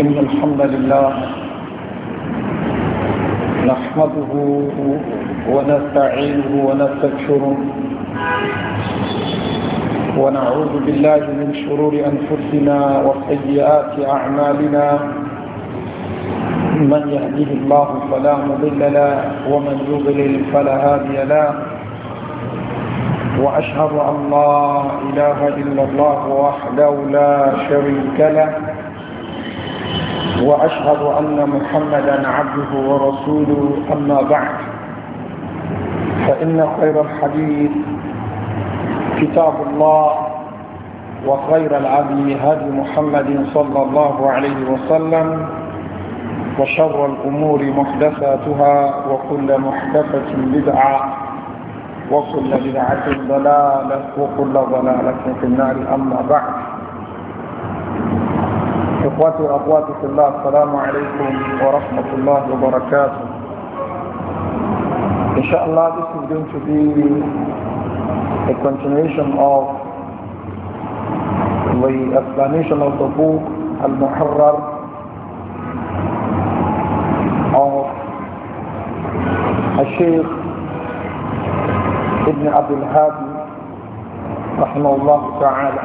إن الحمد لله نحمده ونستعينه ونستكشره ونعوذ بالله من شرور أنفسنا وسيئات أعمالنا من يهده الله فلا مضل له ومن يضلل فلا هادي له وأشهد أن لا إله إلا الله وحده لا شريك له وأشهد أن محمدا عبده ورسوله أما بعد فإن خير الحديث كتاب الله وخير العدل هدي محمد صلى الله عليه وسلم وشر الأمور محدثاتها وكل محدثة بدعة وكل بدعة ضلالة وكل ضلالة في النار أما بعد إخواتي وأخواتي في الله السلام عليكم ورحمة الله وبركاته إن شاء الله this is going to be a continuation of the explanation of the book al of الشيخ ابن عبد الهادي رحمه الله تعالى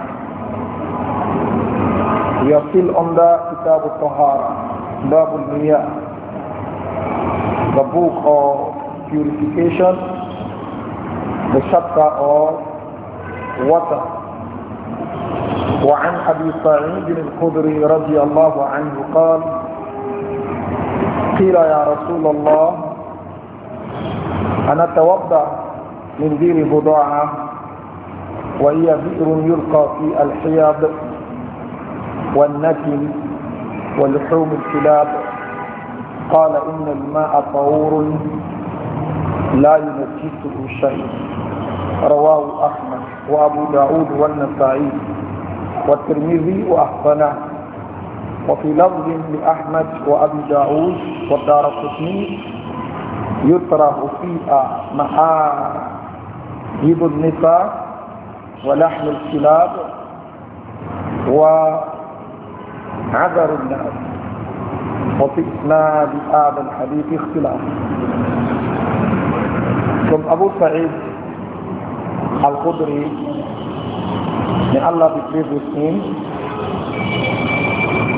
يصل عند كتاب الطهارة باب المياه the book of purification, the chapter of water. وعن أبي سعيد الخدري رضي الله عنه قال قيل يا رسول الله أنا أتوضأ من دير بضاعة وهي بئر يلقى في الحياض والنتن ولحوم الكلاب قال إن الماء طهور لا ينجسه شيء رواه أحمد وأبو داود والنسائي والترمذي وأحسنه وفي لفظ لأحمد وأبي داود والدار القطني يطرح فيها محاجب النساء ولحم الكلاب و عذر الناس وفي إسناد هذا الحديث اختلاف ثم أبو سعيد الخدري من الله بكريز وسنين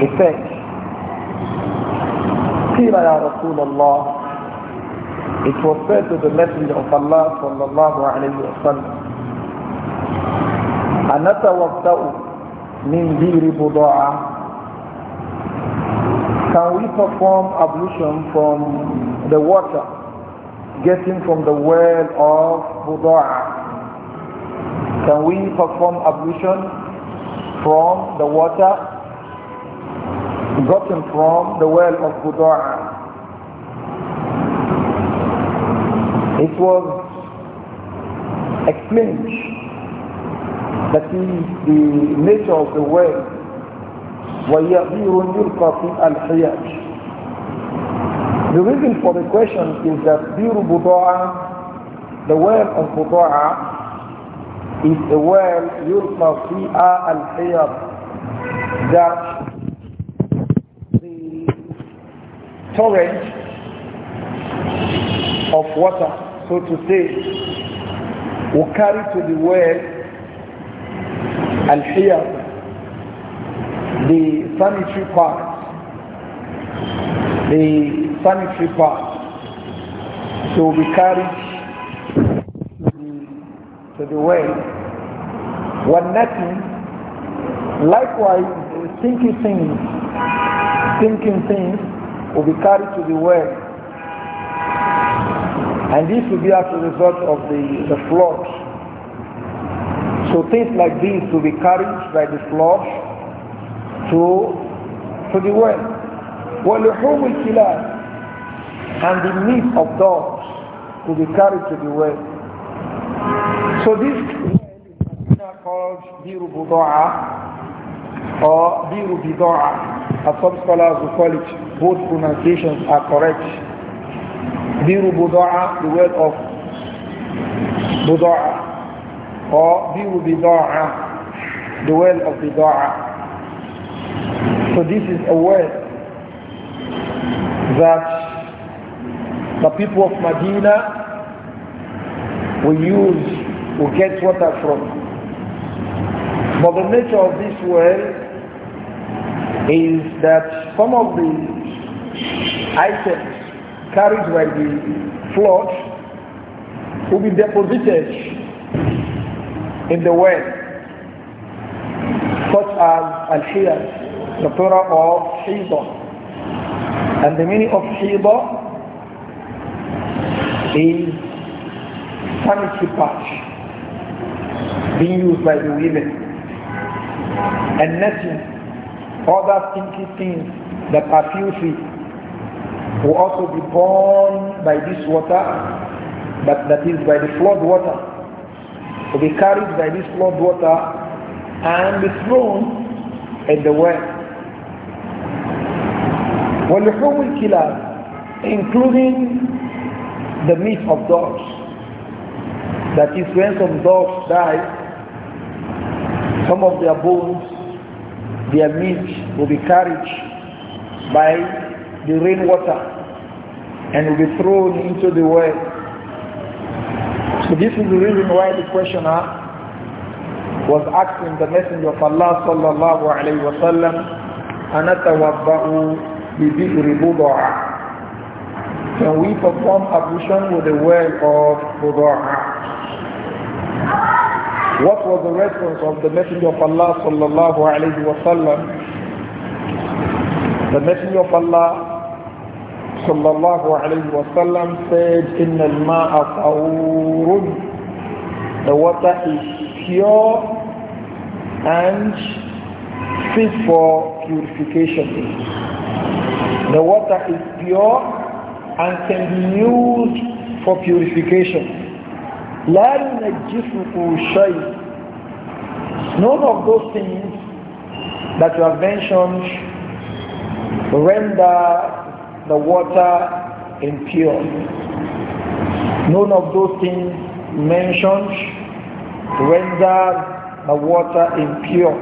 الثاني قيل يا رسول الله It was said to the Messenger of Allah sallallahu alayhi wa sallam أنتوضأ من دير بضاعة Can we perform ablution from the water getting from the well of Buda'a? Can we perform ablution from the water gotten from the well of Buda'a? It was explained that the nature of the well وَيَغِيرٌ يُلْقَى فِي الْحِيَاجِ the reason for the question is that Bir the well of buta'a, is a well yurqa fi'a al hayab that the torrent of water, so to say, will carry to the well al hayab the sanitary parts, the sanitary parts, will be carried to the, to the well nothing likewise thinking things thinking things will be carried to the well and this will be as a result of the, the flood so things like these will be carried by the flood to, to the well. kill us? And the meat of dogs to be carried to the well. So this well is called Biru Budoa or Biru Bidoa. As some scholars will call it, both pronunciations are correct. Biru Budoa, the word of Budoa, or Biru Bidoa, the well of Bidoa. So this is a word that the people of Medina will use, will get water from. But the nature of this word is that some of the items carried by the flood will be deposited in the well, such as al the plural of Hiba. And the meaning of Hiba is sanitary patch being used by the women. And nothing, other stinky things that are filthy will also be borne by this water, but that is by the flood water, will be carried by this flood water and be thrown in the well. ولحوم الكلاب including the meat of dogs that is when some dogs die some of their bones their meat will be carried by the rainwater and will be thrown into the well so this is the reason why the questioner was asking the messenger of Allah sallallahu wa wasallam بِبِئْرِ بُضَعَةٍ Can we perform ablution with the well of Buda'ah? What was the response of the Messenger of Allah sallallahu alayhi wa sallam? The Messenger of Allah sallallahu alayhi wa sallam said, إِنَّ الْمَاءَ طَعُورٌ The water is pure and fit for purification. The water is pure and can be used for purification. لا ينجسه شيء None of those things that you have mentioned render the water impure. None of those things mentioned render the water impure.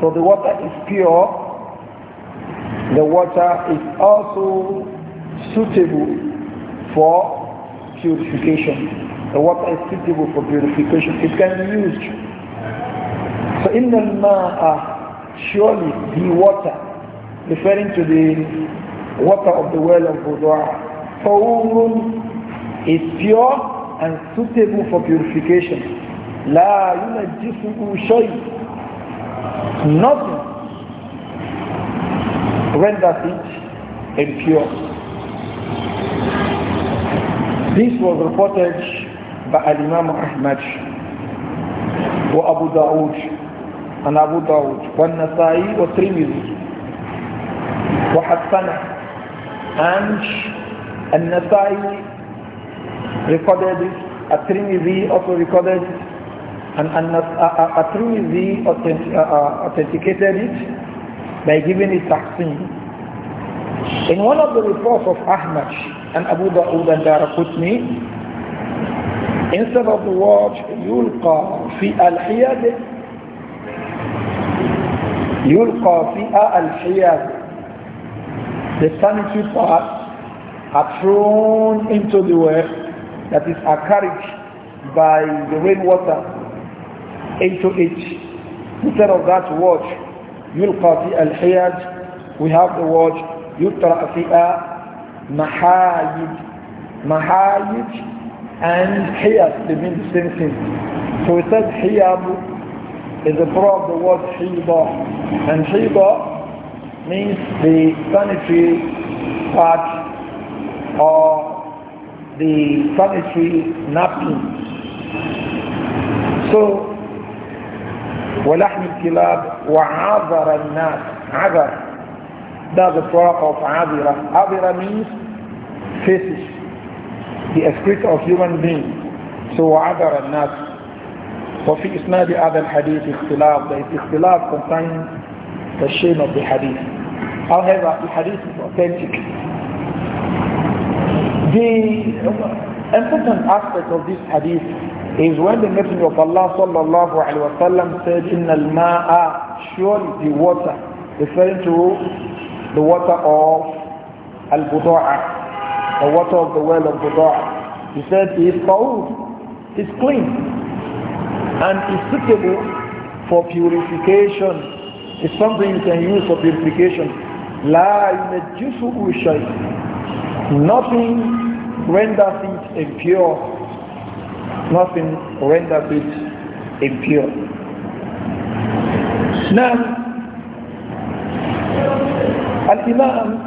So the water is pure the water is also suitable for purification. The water is suitable for purification. It can be used. So in the ma'a, surely the water, referring to the water of the well of Budu'a, Tawurun is pure and suitable for purification. La yunajjisuhu shay. Nothing Render it impure. This was reported by Imam Ahmad wa Abu Dawud, and Abu Dawud, wa Nasai wa Trimiri wa Hassana and nasai recorded a three trimiri also recorded and uh, uh, three trimiri uh, authenticated it by giving it tahsin in one of the reports of Ahmad and Abu Dawud and Daraqutni, instead of the word yulqa fi al-hiyad, yulqa fi al-hiyad, the sanitary parts are thrown into the well that is carried by the rainwater into it. Instead of that word, yulqa fi al-hiyad, we have the word يطرأ فيها محايد محايد and hiyas they mean the same thing so it says hiyab is a part of the word hiba and hiba means the sanitary part or the sanitary napkin so ولحم الكلاب وعذر الناس عذر that's the surah of Abira. Abira means faces, the spirit of human being. So وعبر الناس وفي إسناد هذا الحديث اختلاف there is hadith, concerning the the shame of the hadith. However, the hadith is authentic. The important aspect of this hadith is when the Messenger of Allah sallallahu alaihi wasallam said, "In al-ma'a," surely the water, referring to the water of Al-Budu'a, the water of the well of Budu'a. He said it is cold, it's clean, and it's suitable for purification. It's something you can use for purification. La yunajjisuhu shay. Nothing renders it impure. Nothing renders it impure. Now, الإمام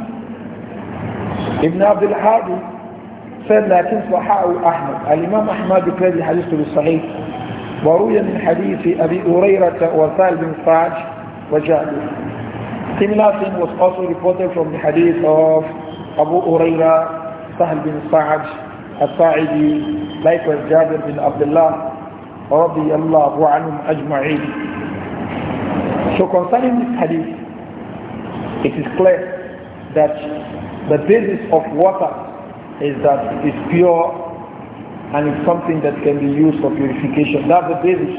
ابن عبد الحادي said لكن صححه أحمد الإمام أحمد declared the hadith to be وروي من حديث أبي هريرة وسال بن سعد وجابر Similar thing was also reported from the hadith of Abu Huraira, Sahal bin Sa'ad, al saidi likewise Jabir bin Abdullah, رضي الله عنهم أجمعين. So concerning this hadith, It is clear that the basis of water is that it is pure and it's something that can be used for purification. That's the basis.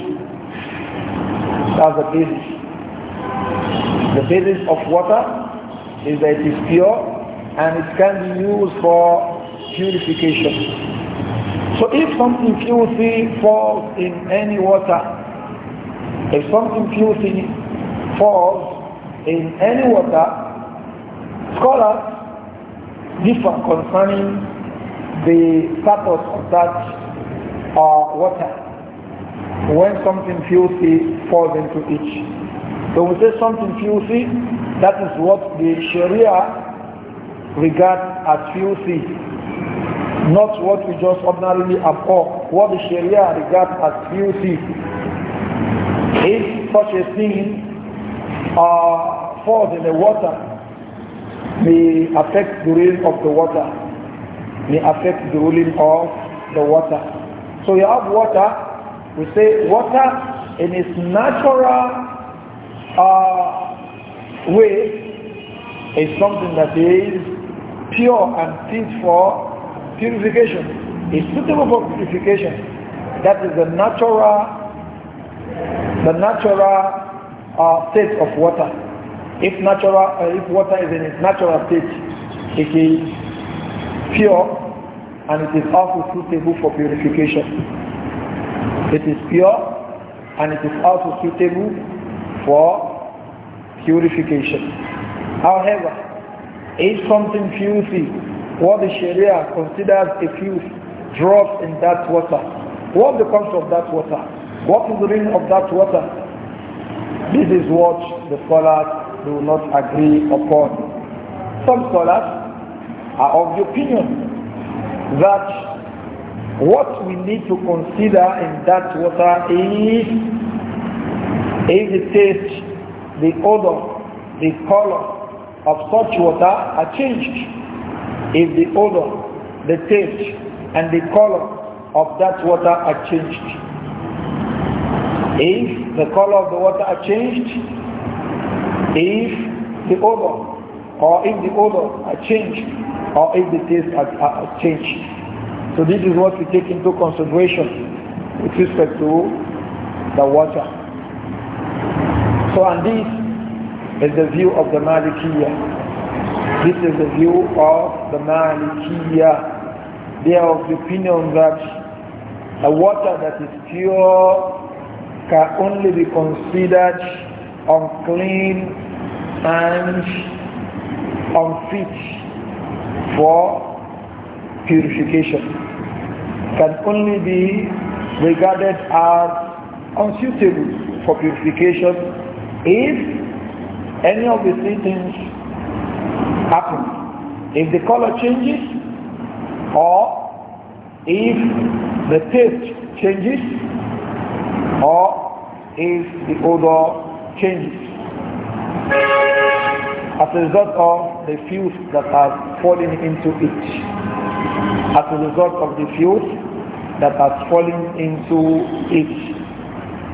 That's the basis. The basis of water is that it is pure and it can be used for purification. So if something filthy falls in any water, if something filthy falls in any water, scholars differ concerning the status of that uh, water when something filthy falls into it. So we say something filthy, that is what the Sharia regards as filthy, not what we just ordinarily abhor, what the Sharia regards as filthy. If such a thing uh, falls in the water may affect the ruling of the water, may affect the rolling of the water. So you have water, we say water in its natural uh, way is something that is pure and fit for purification. It's suitable for purification. That is the natural, the natural uh, state of water. If natural, uh, if water is in its natural state, it is pure and it is also suitable for purification. It is pure and it is also suitable for purification. However, if something filthy, what the Sharia considers a filth, drops in that water, what becomes of that water? What is the ring of that water? This is what the scholars do not agree upon. Some scholars are of the opinion that what we need to consider in that water is, is the taste, the odor, the color of such water are changed. If the odor, the taste, and the color of that water are changed. If the color of the water are changed, if the odor or if the odor has changed or if the taste has, has changed. So this is what we take into consideration with respect to the water. So and this is the view of the Malikiya. This is the view of the Malikiya. They are of the opinion that a water that is pure can only be considered unclean and unfit for purification can only be regarded as unsuitable for purification if any of the three things happen. If the color changes or if the taste changes or if the odor changes as a result of the fuels that are falling into it. As a result of the fuels that are falling into it.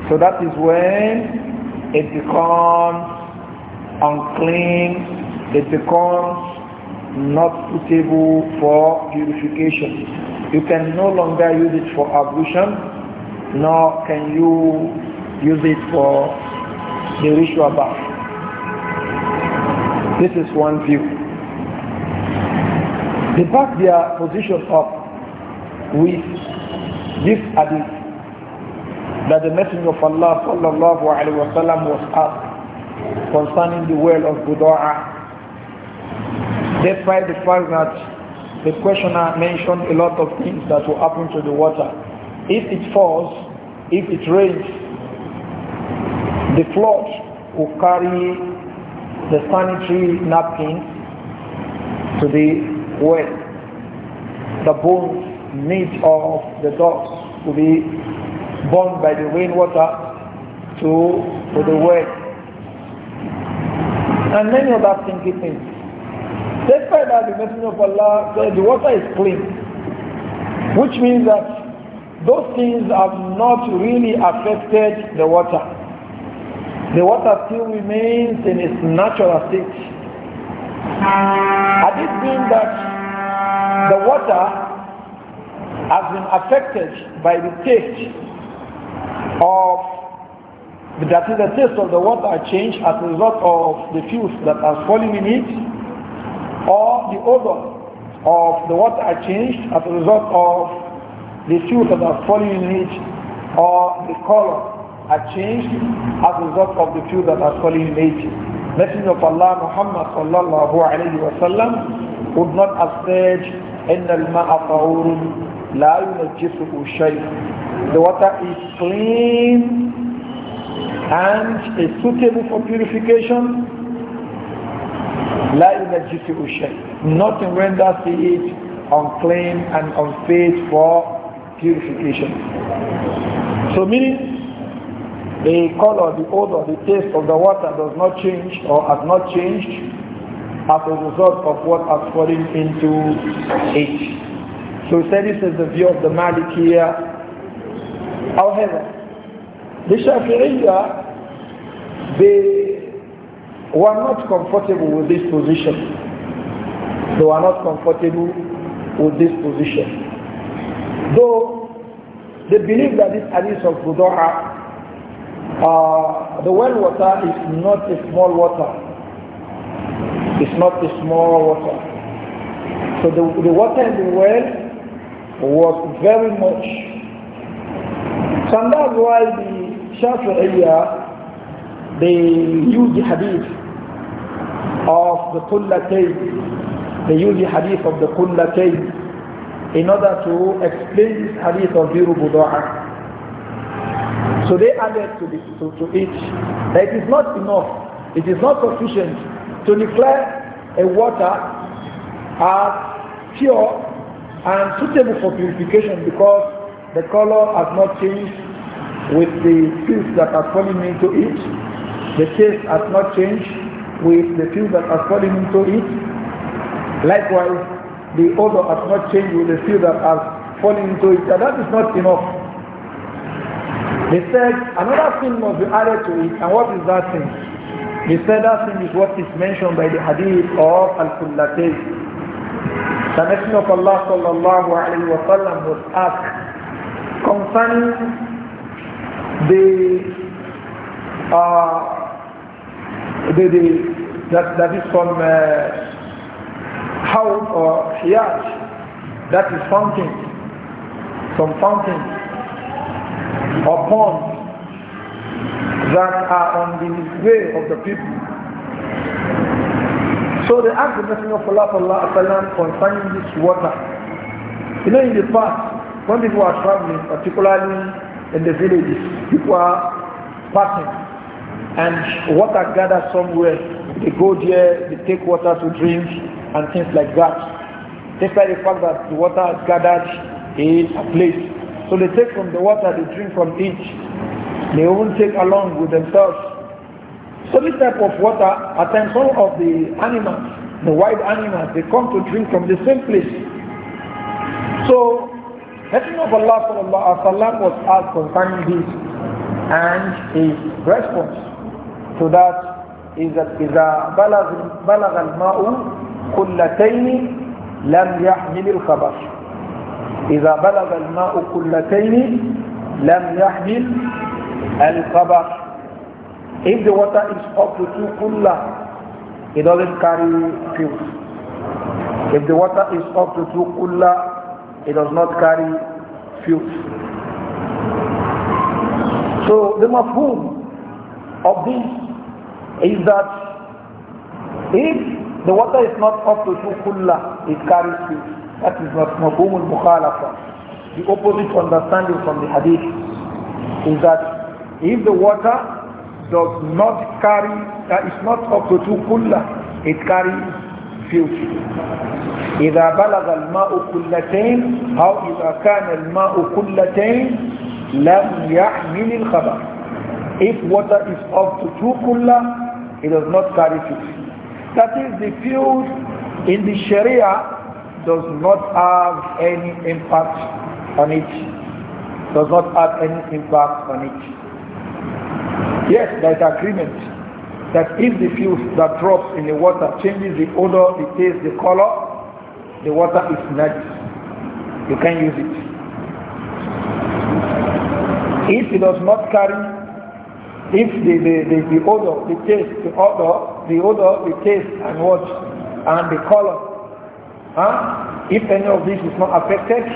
So that is when it becomes unclean it becomes not suitable for purification. You can no longer use it for ablution, nor can you use it for they This is one view. They back their position up with this hadith that the Messenger of Allah sallallahu alaihi wasallam was asked concerning the well of Budu'a. Despite the fact that the questioner mentioned a lot of things that will happen to the water. If it falls, if it rains, the flood will carry the sanitary napkins to the well. The bones, meat of the dogs will be borne by the rainwater to, to the well. And many other stinky things. Despite that, the Messenger of Allah said the water is clean, which means that those things have not really affected the water the water still remains in its natural state. Had it been that the water has been affected by the taste of that is the taste of the water changed as a result of the fuels that are falling in it or the odor of the water changed as a result of the fuels that are falling in it or the color have changed as a result of the few that are calling him atheist. Messenger of Allah Muhammad sallallahu alayhi wa sallam would not have said, إِنَّ الْمَاءَ طَهُورٌ لَا يُنَجِّسُهُ شَيْءٌ The water is clean and is suitable for purification. لَا يُنَجِّسُهُ شَيْءٌ Nothing renders it unclean and unfit for purification. So meaning the color, the odor, the taste of the water does not change or has not changed as a result of what has fallen into it. So he said this is the view of the here. However, the Shafi'iyya, they were not comfortable with this position. They were not comfortable with this position. Though they believe that this hadith of Budu'a uh, the well water is not a small water. It's not a small water. So the, the water in the well was very much. So that's why the area they use the hadith of the Qullatayn. They use the hadith of the Qullatayn in order to explain this hadith of Biru Budu'ah. So they added to, the, to, to it that it is not enough, it is not sufficient to declare a water as pure and suitable for purification because the color has not changed with the filth that are falling into it, the taste has not changed with the filth that are falling into it, likewise the odor has not changed with the filth that are falling into it, and that is not enough. They said another thing must be added to it, and what is that thing? They said that thing is what is mentioned by the hadith of Al-Kullatay. The Messenger of Allah sallallahu alayhi wa sallam was asked concerning the, uh, the, the that, that is from uh, how or uh, hiyaj, that is fountain, from fountain upon that are on the way of the people. So they asked the Messenger of Allah, Allah concerning this water. You know, in the past, when people are traveling, particularly in the villages, people are passing and water gathered somewhere. They go there, they take water to drink and things like that. Despite the fact that the water gathered in a place so they take from the water, they drink from each. They even take along with themselves. So this type of water, at times of the animals, the wild animals, they come to drink from the same place. So Messenger of Allah sallallahu alaihi wasallam was asked concerning this, and his response to that is that إذا بلغ بلغ الماء قلتين لم يحمل الخبر إذا بلغ الماء كلتين لم يحمل القبر If the water is up to two kulla, it doesn't carry filth. If the water is up to two kulla, it does not carry filth. So the mafhum of this is that if the water is not up to two kulla, it carries filth. That is what al mukhalafa. The opposite understanding from the hadith is that if the water does not carry, that uh, is not up to two kulla, it carries filth. إذا بلغ الماء كلتين أو إذا كان الماء كلتين لم يحمل الخبر. If water is up to two kulla, it does not carry filth. That is the view in the Sharia does not have any impact on it. Does not have any impact on it. Yes, there is agreement that if the fuel that drops in the water changes the odor, the taste, the color, the water is nice. You can use it. If it does not carry, if the, the, the, the odor, the taste, the odor, the odor, the taste and what, and the color Huh? If any of this is not affected,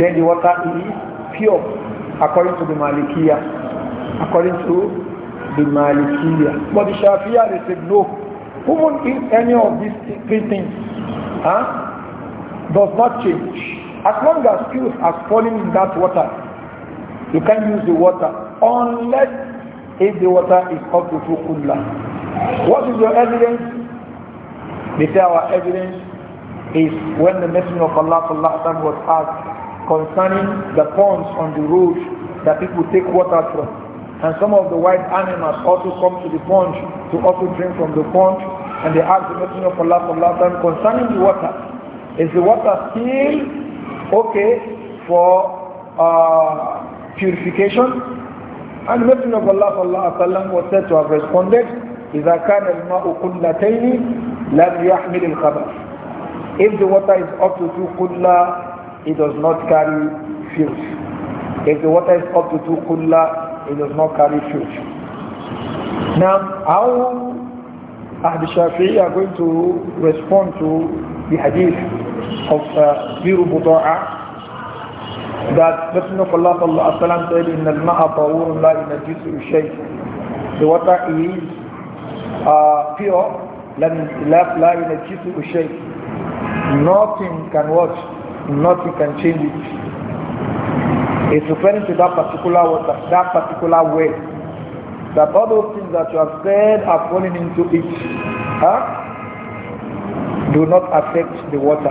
then the water is pure according to the Malikiya. According to the Malikiya. But the Shafiya they said no. Human in any of these three things huh, does not change. As long as pills are falling in that water, you can use the water unless if the water is up to Fukullah. What is your evidence? They say our evidence is when the Messenger of Allah sallallahu was asked concerning the ponds on the road that people take water from. And some of the wild animals also come to the pond to also drink from the pond. And they ask the Messenger of Allah sallallahu concerning the water. Is the water still okay for uh, purification? And the Messenger of Allah sallallahu was said to have responded, إذا كان الماء قلتين لم يحمل الخبث if the water is up to two kudla, it does not carry filth. If the water is up to two kudla, it does not carry filth. Now, how Ahd Shafi'i are going to respond to the hadith of Biru uh, Buda'a that Messenger of Allah said in al-ma'a la in the water is uh, pure lam la in al-jisu shay Nothing can watch, nothing can change it. It's referring to that particular water, that particular way. That all those things that you have said are falling into it. Huh? Do not affect the water.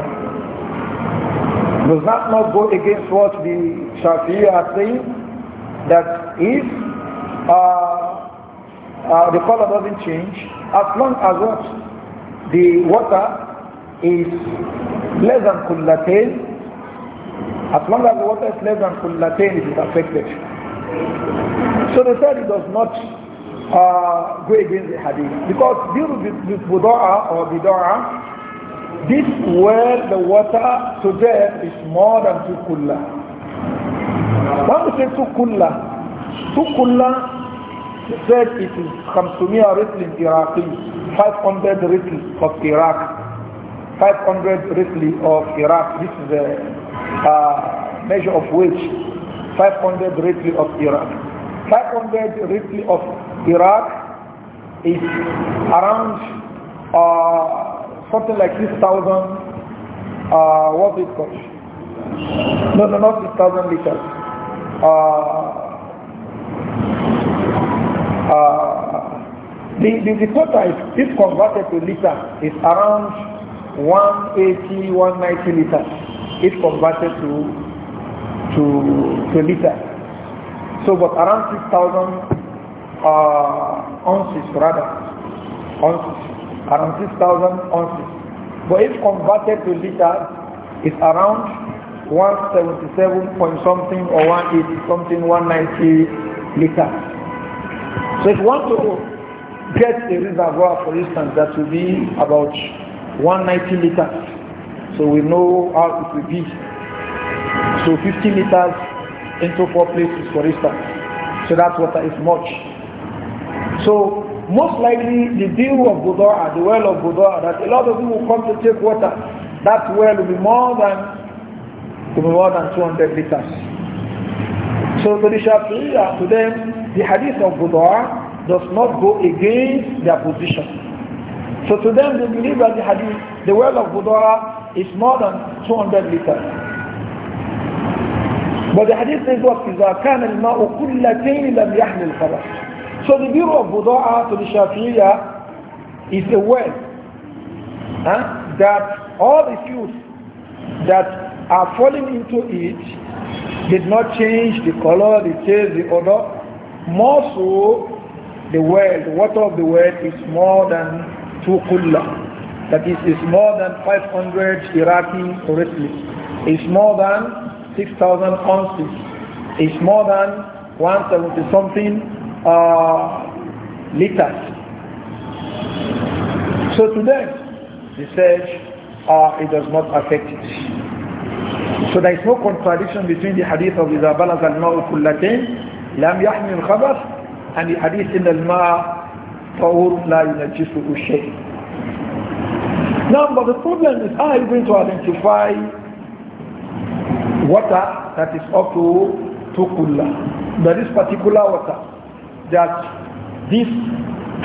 Does that not go against what the Shafi'i are saying? That if uh, uh, the color doesn't change, as long as what the water is less than kullatain, as long as the water is less than kullatain, it is affected. So the third does not uh, go against the hadith. Because deal with buda'a or bidara, this where the water to is more than two kulla. When we say two kulla, two kulla said it is me a in Iraqi, 500 ritl of Iraq. 500 roughly of Iraq. This is the uh, measure of wage. 500 roughly of Iraq. 500 roughly of Iraq is around uh, something like 6,000. Uh, what is it cost? No, no, not 6,000 liters. Uh, uh, the, the, the quota is, if converted to liter, is around 180, 190 liters if converted to, to, to liters. So but around 6,000 uh, ounces rather, ounces, around 6,000 ounces. But if converted to liters, it's around 177 point something or 180 something, 190 liters. So if you want to get a reservoir, for instance, that will be about 190 liters. So we know how it will be. So 50 liters into four places, for instance. So that water is much. So most likely the deal of Budoa, uh, the well of Budoa, uh, that a lot of people come to take water, that well will be more than will be more than 200 liters. So to the Shafi'iyah, uh, to them, the hadith of Budoa does not go against their position. So to them, they believe that the hadith, the well of Budora is more than 200 liters. But the hadith says what? كان الماء قلتين لم يحمل الخبر. So the view of Budora to the Shafi'iyah is a well huh? that all the fuels that are falling into it did not change the color, the taste, the odor. More so, the well, the water of the well is more than two kullah. That is, is more than 500 Iraqi wrestlers. It's more than 6,000 ounces. It's more than 170 something uh, liters. So today, the he says, uh, it does not affect it. So there is no contradiction between the hadith of إذا بلغ الماء كلتين لم يحمل الخبث and the hadith in ma. طهور لا ينجسه شيء Now, but the problem is how are you going to identify water that is up to tukulla? That is particular water that this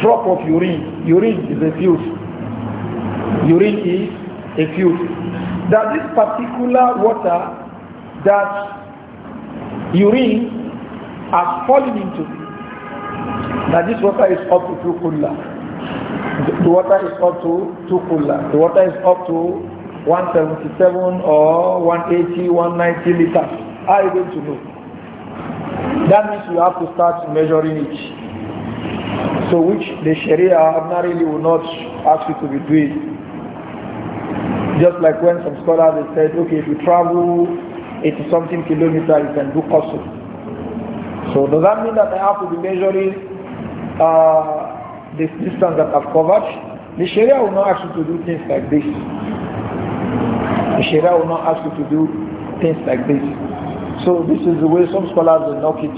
drop of urine, urine is a fuse. Urine is a fuse. That this particular water that urine has fallen into now this water is up to two kula. The water is up to two kula. The water is up to 177 or 180, 190 liters. How are you going to know? That means you have to start measuring it. So which the Sharia ordinarily will not ask you to be doing. Just like when some scholars they said, okay, if you travel 80 something kilometers, you can do custom. So does that mean that I have to be measuring uh, this distance that I've covered? The Sharia will not ask you to do things like this. The Sharia will not ask you to do things like this. So this is the way some scholars will knock it.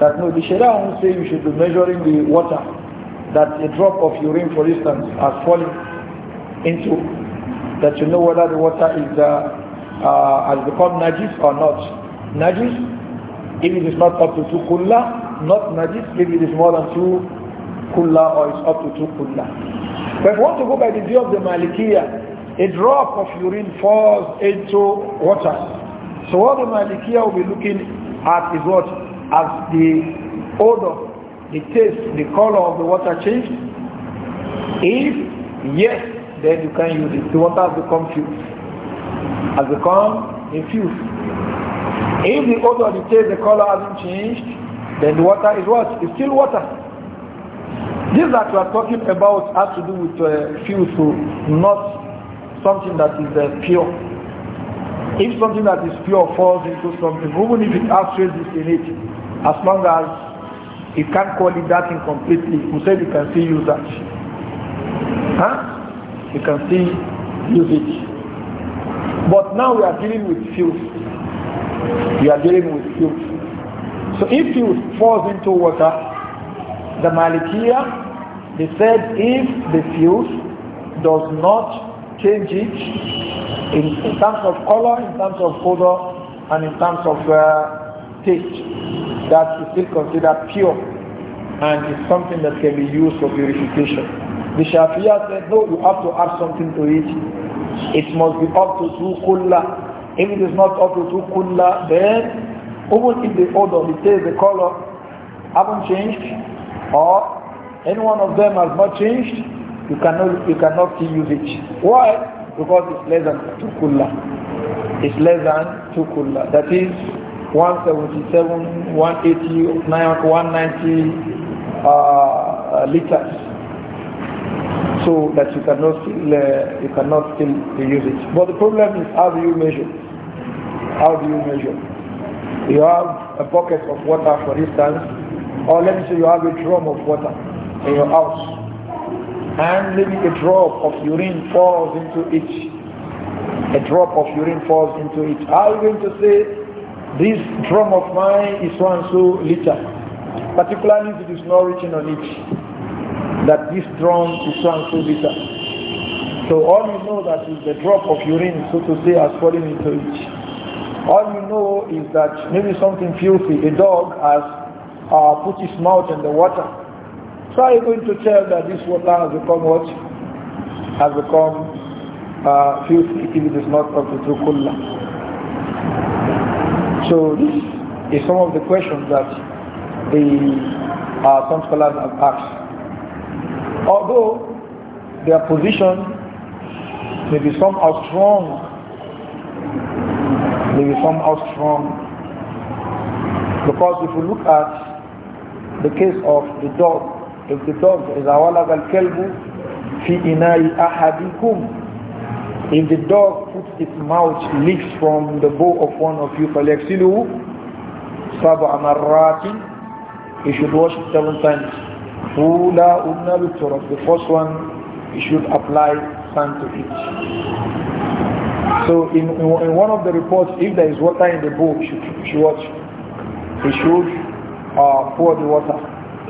That no, the Sharia won't say you should be measuring the water that a drop of urine, for instance, has fallen into, that you know whether the water is uh, uh, has become najis or not. Najis if it is not up to two kulla, not najis. If it is more than two kulla or it's up to two kulla. But if you want to go by the view of the Malikiya, a drop of urine falls into water. So what the Malikiya will be looking at is what? As the odor, the taste, the color of the water changed. If yes, then you can use it. The water has become fused. Has become infused. If the odor dictates the color hasn't changed, then the water is what? It's still water. This that we are talking about has to do with uh, fuel, so not something that is uh, pure. If something that is pure falls into something, even if it has traces in it, as long as you can't call it that incompletely, we say you can still use that. Huh? You can still use it. But now we are dealing with fuel. You are dealing with filth. So if you falls into water, the Malikiya, they said if the filth does not change it in, in, terms of color, in terms of odor, and in terms of uh, taste, that is still considered pure and it's something that can be used for purification. The Shafi'ah said, no, you have to add something to it. It must be up to two kullah if it is not up to two kulla, then even if the odor, the taste, the color haven't changed, or any one of them has not changed, you cannot you cannot use it. Why? Because it's less than two kulla. It's less than two kulla. That is 177, 180, 190 uh, liters. So that you cannot still, uh, you cannot still use it. But the problem is how do you measure? How do you measure? You have a pocket of water, for instance, or let me say you have a drum of water in your house, and maybe a drop of urine falls into it. A drop of urine falls into it. How are you going to say this drum of mine is one so liter? Particularly if it is not written on it that this drum is one so liter. So all you know that is the drop of urine, so to say, has fallen into it. All you know is that maybe something filthy, a dog has uh, put his mouth in the water. So are you going to tell that this water has become what? Has become uh, filthy if it is not of the true kullah. So this is some of the questions that the uh, some scholars have asked. Although their position may be somehow strong they will somehow strong. Because if you look at the case of the dog, if the dog is awalab al kelbu fi inai ahadikum, if the dog puts its mouth leaves from the bow of one of you, فَلْيَكْسِلُهُ سَبْعَ مَرَّاتٍ You should wash it seven times. فُولَا أُنَّ The first one, you should apply sand to it. So in, in one of the reports, if there is water in the bowl, she, she watch, she should uh, pour the water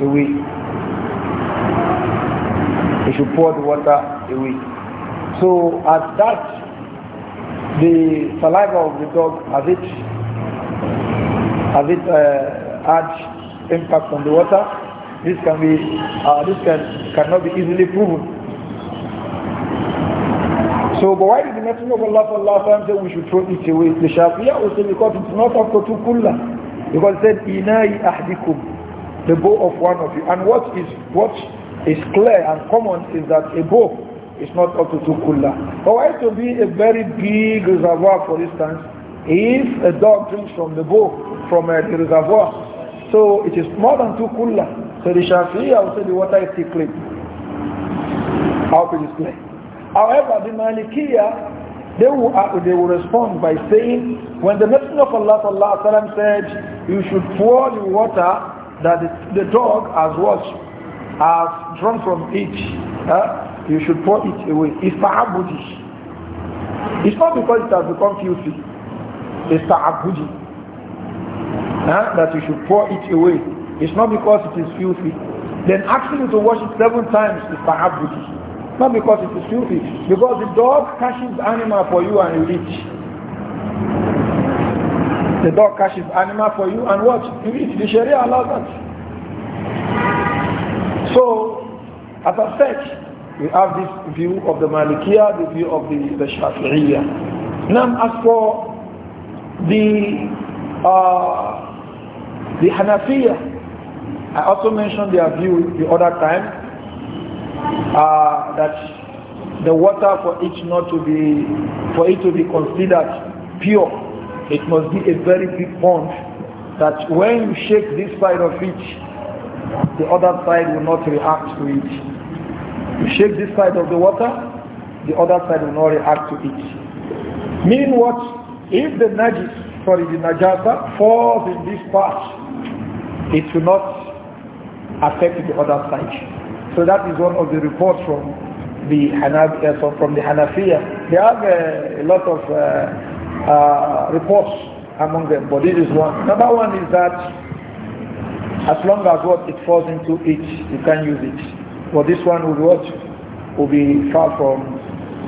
away. She should pour the water away. So at that, the saliva of the dog has it has it uh, had impact on the water. This can be uh, this can cannot be easily proven so, but why did the Messenger of Allah sallallahu say we should throw it away? The Shafi'ah will say because it's not of Kutukullah. Because it said, Inai ahdikum, the bow of one of you. And what is, what is clear and common is that a bow is not up to Tukullah. But why to be a very big reservoir, for instance, if a dog drinks from the bow, from a uh, reservoir, so it is more than Tukullah. So the Shafi'ah will say the water is clean. How can you explain? However, the Malikiya, they will, uh, they will respond by saying, when the Messenger of Allah sallallahu said, you should pour the water that the, the dog has washed, has drunk from it, you should pour it away. It's ta'abudi. It's not because it has become filthy. It's ta'abudi. Uh, that you should pour it away. It's not because it is filthy. Then asking you to wash it seven times is ta'abudi not because it is stupid, because the dog catches animal for you and you eat. The dog catches animal for you and what? You eat. The Sharia allows that. So, as I said, we have this view of the Malikiya, the view of the, the Shafi'iyya. Now, as for the uh, the Hanafiya, I also mentioned their view the other time uh, that the water for it not to be for it to be considered pure it must be a very big pond that when you shake this side of it the other side will not react to it you shake this side of the water the other side will not react to it meaning what if the najis sorry the najasa falls in this part it will not affect the other side so that is one of the reports from the Hanab, uh, from the Hanafiya. They have uh, a lot of uh, uh, reports among them, but this is one. Number one is that as long as what it falls into it, you can use it. But this one will what will be far from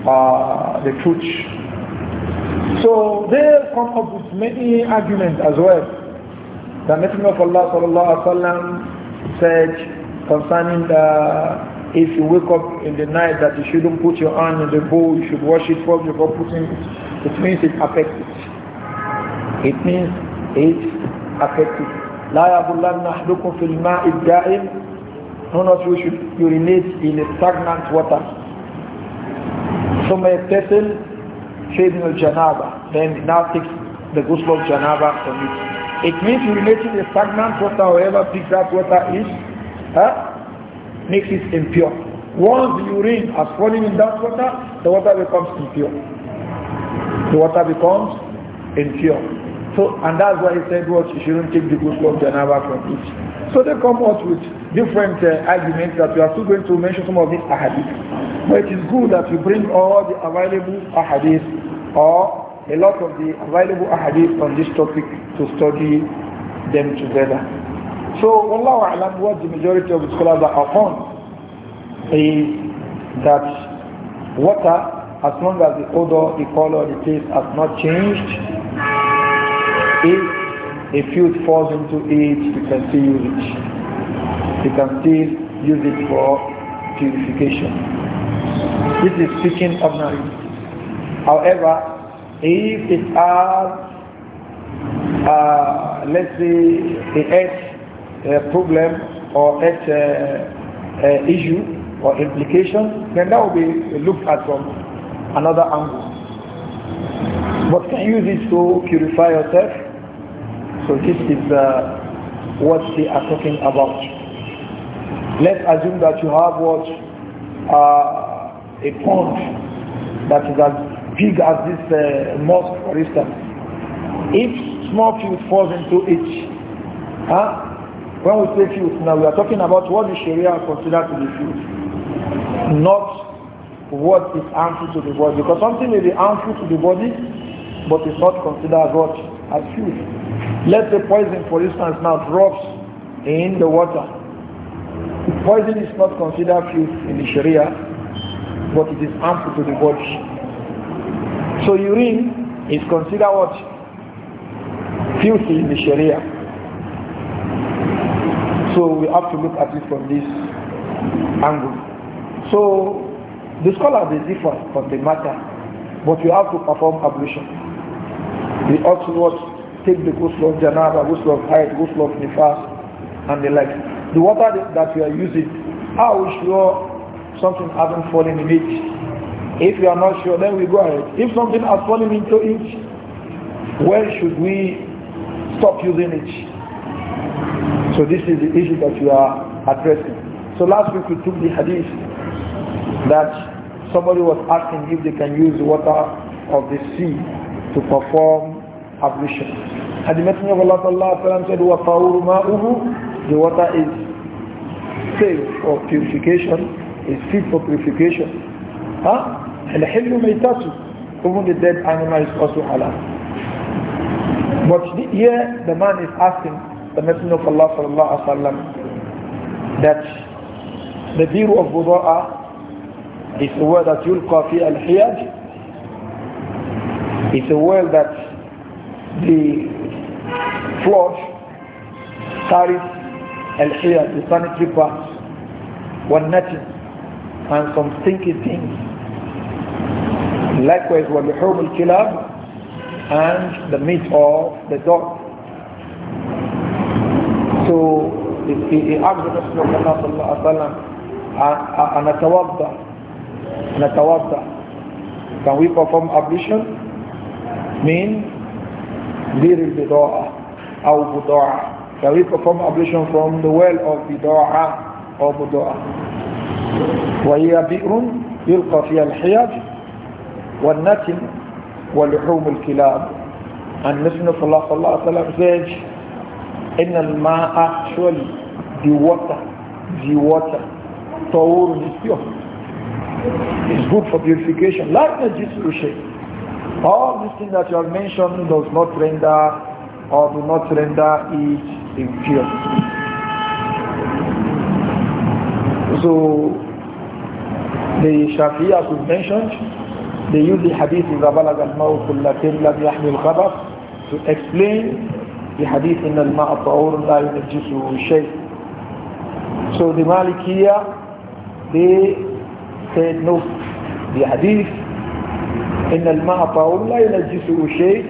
uh, the truth. So they come up with many arguments as well. The Messenger of Allah sallallahu alaihi wasallam said concerning the, if you wake up in the night that you shouldn't put your hand in the bowl, you should wash it first before putting it. It means it affects it. It means it affects it. لا يبلغن أحدكم في الماء الدائم None of you should urinate in a stagnant water. my person, feeding of janaba, then now takes the ghusl of janaba from it. It means urinating in stagnant water, however big that water is, huh? makes it impure. Once the urine has fallen in that water, the water becomes impure. The water becomes impure. So, and that's why he said what you shouldn't take the good of Janaba from it. So they come out with different uh, arguments that we are still going to mention some of these ahadith. But it is good that we bring all the available ahadith or a lot of the available ahadith on this topic to study them together. So Allah Alam, what the majority of the scholars are upon is that water, as long as the odor, the color, the taste has not changed, if a field falls into it, you can still use it. You can still use it for purification. This is speaking of ordinary. However, if it has, uh, let's say, the edge a problem or X issue or implication, then that will be looked at from another angle. But can you use it to purify yourself? So this is uh, what they are talking about. Let's assume that you have what uh, a pond that is as big as this uh, mosque, for instance. If small field falls into it, huh, when we say truth now, we are talking about what the Sharia considers to be truth, not what is harmful to the body. Because something may be harmful to the body, but is not considered what as truth. Let's say poison, for instance, now drops in the water. The poison is not considered truth in the Sharia, but it is harmful to the body. So urine is considered what? Filthy in the Sharia. So we have to look at it from this angle. So the scholars they differ on the matter, but we have to perform ablution. We also to not take the ghusl of janaba, ghusl of haid, ghusl of nifas, and the like. The water that we are using, how sure something hasn't fallen in it? If you are not sure, then we go ahead. If something has fallen into it, when should we stop using it? So this is the issue that you are addressing. So last week we took the hadith that somebody was asking if they can use water of the sea to perform ablution. And the Messenger of Allah said, The water is safe for purification, is fit for purification. Huh? الحل ميتاته even the dead animal is also halal. But here the man is asking the Messenger of Allah sallallahu that the deer of Buda'a is a word that yulqa fi al-hiyaj it's a word that the flood carries al-hiyaj, the sanitary parts one nothing and some stinky things likewise the وَلِحُومُ kilab and the meat of the dog So he, he asked the Rasulullah sallallahu alaihi wasallam, "Anatawadda, anatawadda, can we perform ablution?" Mean bir bidaa or budaa. Can we perform ablution from the well of bidaa or budaa? وهي بئر يلقى فيها الحياج والنتن ولحوم الكلاب عن نسمة الله صلى الله عليه وسلم said And الماء actually the water, the water, طهور is pure. It's good for purification. Like the Jisrushay. All these things that you have mentioned does not render or do not render it impure. So the Shafi'i who mentioned, they use the hadith إذا al الماء كل لم al خبر to explain في حديث إن الماء الطهور لا ينجسه شيء So the Malikiya, they said no. The hadith, إن الماء طهور لا ينجسه شيء,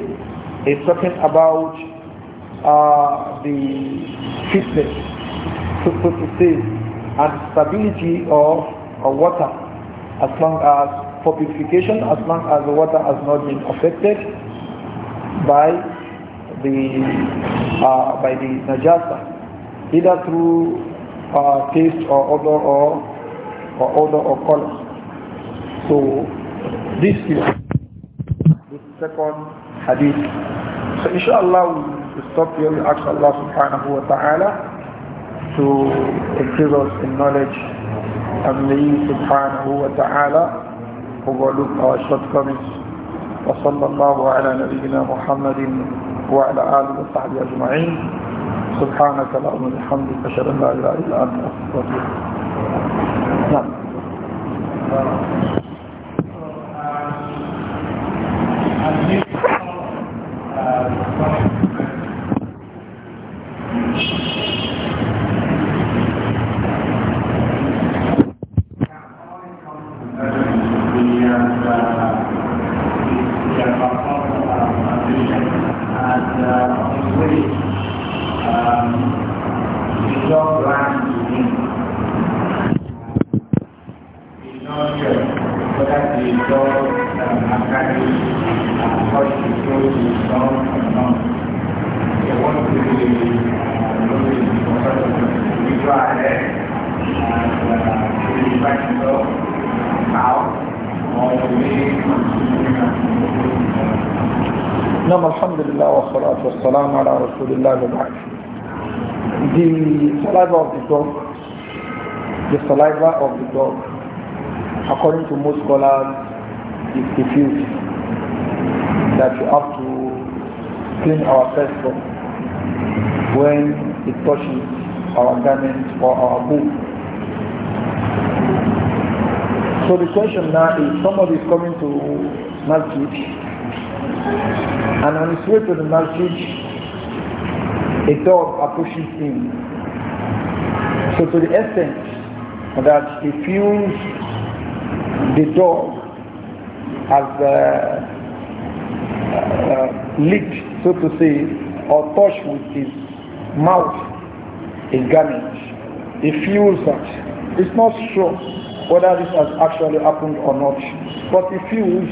is talking about uh, the fitness, so, to say, and stability of, of water, as long as for purification, as long as the water has not been affected by the uh, by the najasa, either through uh, taste or odor or or odor or color. So this is the second hadith. So inshallah we stop here. We ask Allah subhanahu wa taala to increase us in knowledge and may subhanahu wa taala overlook our shortcomings. وصلى الله على نبينا محمد وعلى آله وصحبه أجمعين سبحانك اللهم وبحمدك أشهد أن لا إله إلا أنت أستغفرك نعم saliva of the dog. The saliva of the dog, according to most scholars, is diffused that we have to clean our ourselves from when it touches our garments or our boot. So the question now is somebody is coming to masjid and on his way to the masjid a dog approaches him so to the extent that he views the dog as uh, uh, licked, so to say, or touched with his mouth a garment, he feels that. It's not sure whether this has actually happened or not, but he feels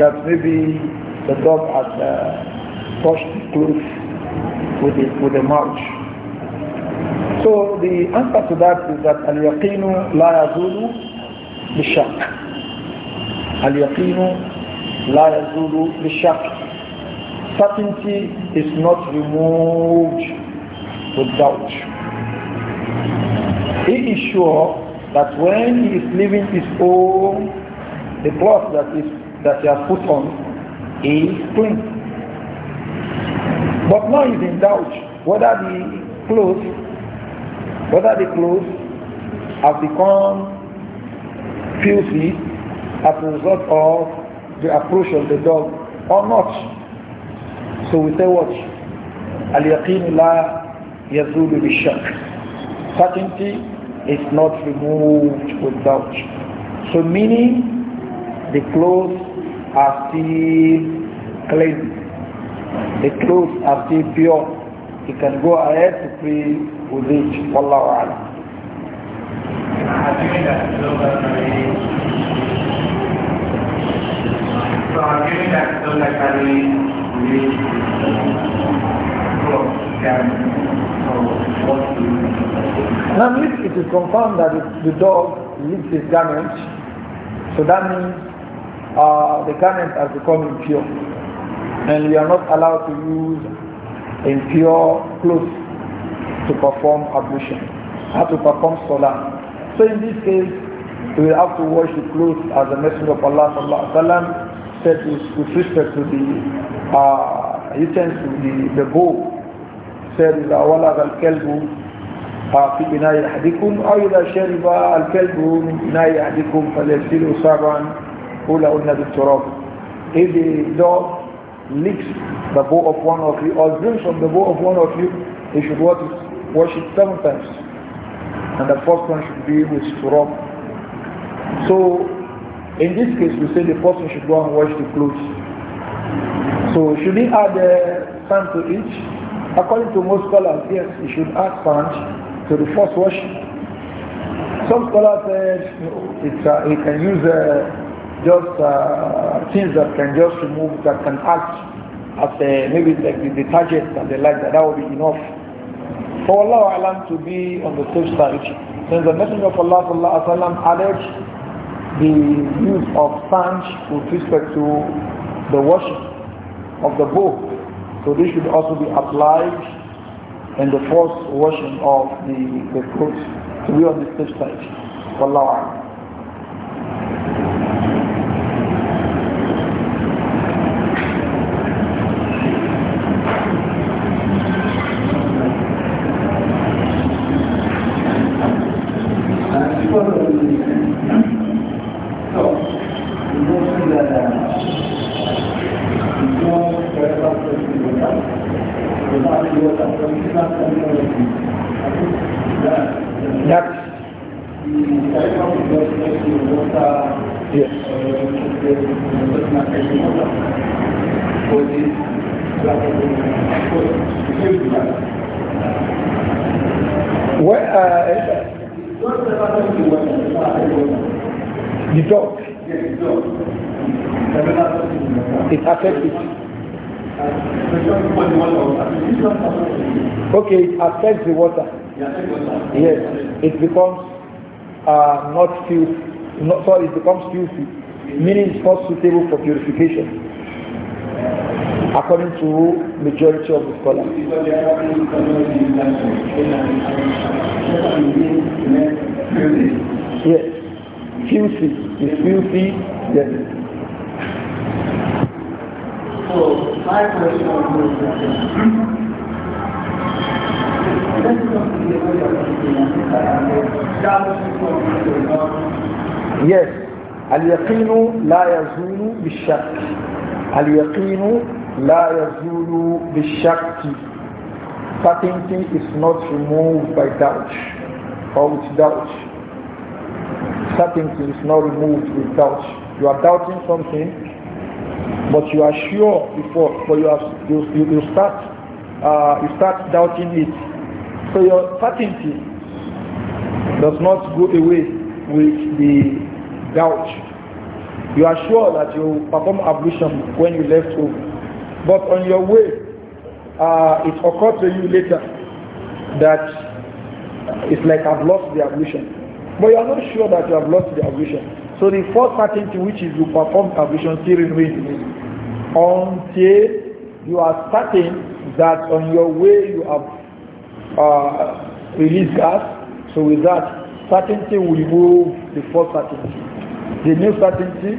that maybe the dog has uh, touched the clothes with the, with the mouth. So the answer to that is that al-yaqinu la yazulu bishak. Al-yaqinu la yazulu bishak. Certainty is not removed with doubt. He is sure that when he is leaving his home, the cloth that is that he has put on is clean. But now he is in doubt whether the clothes whether the clothes have become filthy as a result of the approach of the dog or not. So we say what? Al-yaqeen la yazulu bishak. Certainty is not removed without. So meaning the clothes are still clean. The clothes are still pure. He can go ahead to pray with it. Wallahu now, if it is confirmed that the dog leaves his garment, so that means uh, the garment has become impure, and we are not allowed to use impure clothes to perform ablution, how to perform salah. So in this case, we will have to wash the clothes as the Messenger of Allah sallallahu alaihi wasallam said with respect to the uh, utensil, the, the bowl. Said, إذا ولغ الكلب في بناء أحدكم أو إذا شرب الكلب من بناء أحدكم فليغسله سبعا أولهن بالتراب. If the dog licks the bow of one of you or drinks from the bow of one of you, he should what wash it seven times. And the first one should be with surah. So in this case we say the person should go and wash the clothes. So should he add uh, sand to each? According to most scholars, yes, he should add sand to the first wash. Some scholars said uh, uh, he can use uh, just uh, things that can just remove, that can act as a, uh, maybe like the detergent and the like that, that would be enough. For Allah Alam to be on the safe side, since the Messenger of Allah Sallallahu alleged the use of sand with respect to the worship of the bull, so this should also be applied in the first washing of the, the clothes to be on the safe side. Allah. Alam. affects the water. Yes, it becomes uh, not filthy. Not, sorry, it becomes filthy, meaning it's not suitable for purification. According to majority of the scholars. Yes, filthy is filthy. Yes. So my question Yes. اليقين لا يزول بالشك اليقين لا يزول بالشك certainty is not removed by doubt or with doubt certainty is not removed with doubt you are doubting something but you are sure before but you, are, you, you, you start uh, you start doubting it so your certainty does not go away with the doubt. You are sure that you perform ablution when you left home. But on your way, uh, it occurred to you later that it's like I've lost the ablution. But you are not sure that you have lost the ablution. So the first certainty which is you perform ablution still remains until you are certain that on your way you have uh, release gas. So with that, certainty will remove the false certainty. The new certainty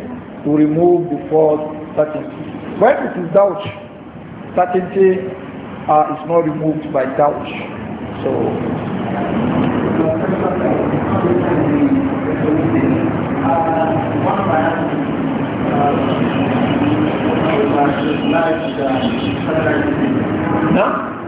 will remove the false certainty. When it is doubt, certainty uh, is not removed by doubt. So. No?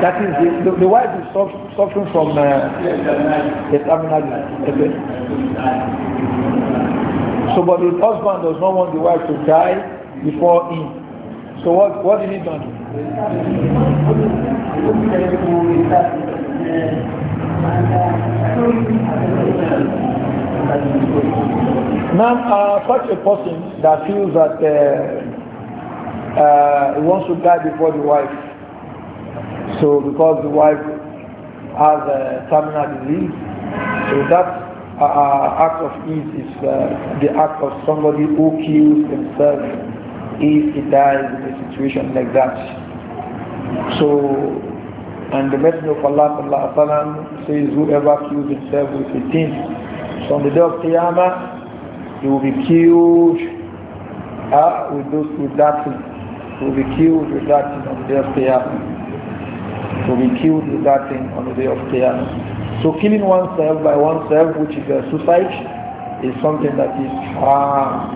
That is the, the, the wife is suffering from uh, a terminal okay. So, but the husband does not want the wife to die before him. So, what what did he do? Now, uh, such a person that feels that uh, uh, he wants to die before the wife, so because the wife has a terminal disease, so that uh, uh act of ease is uh, the act of somebody who kills himself if he dies in a situation like that. So, and the Messenger of Allah says, whoever kills himself with a thing, so on the day of Qiyamah, he will be killed uh, with, those, with that will be killed with that thing on the day of Qiyamah. He will be killed with that thing on the day of Qiyamah. So killing oneself by oneself, which is a suicide, is something that is haram.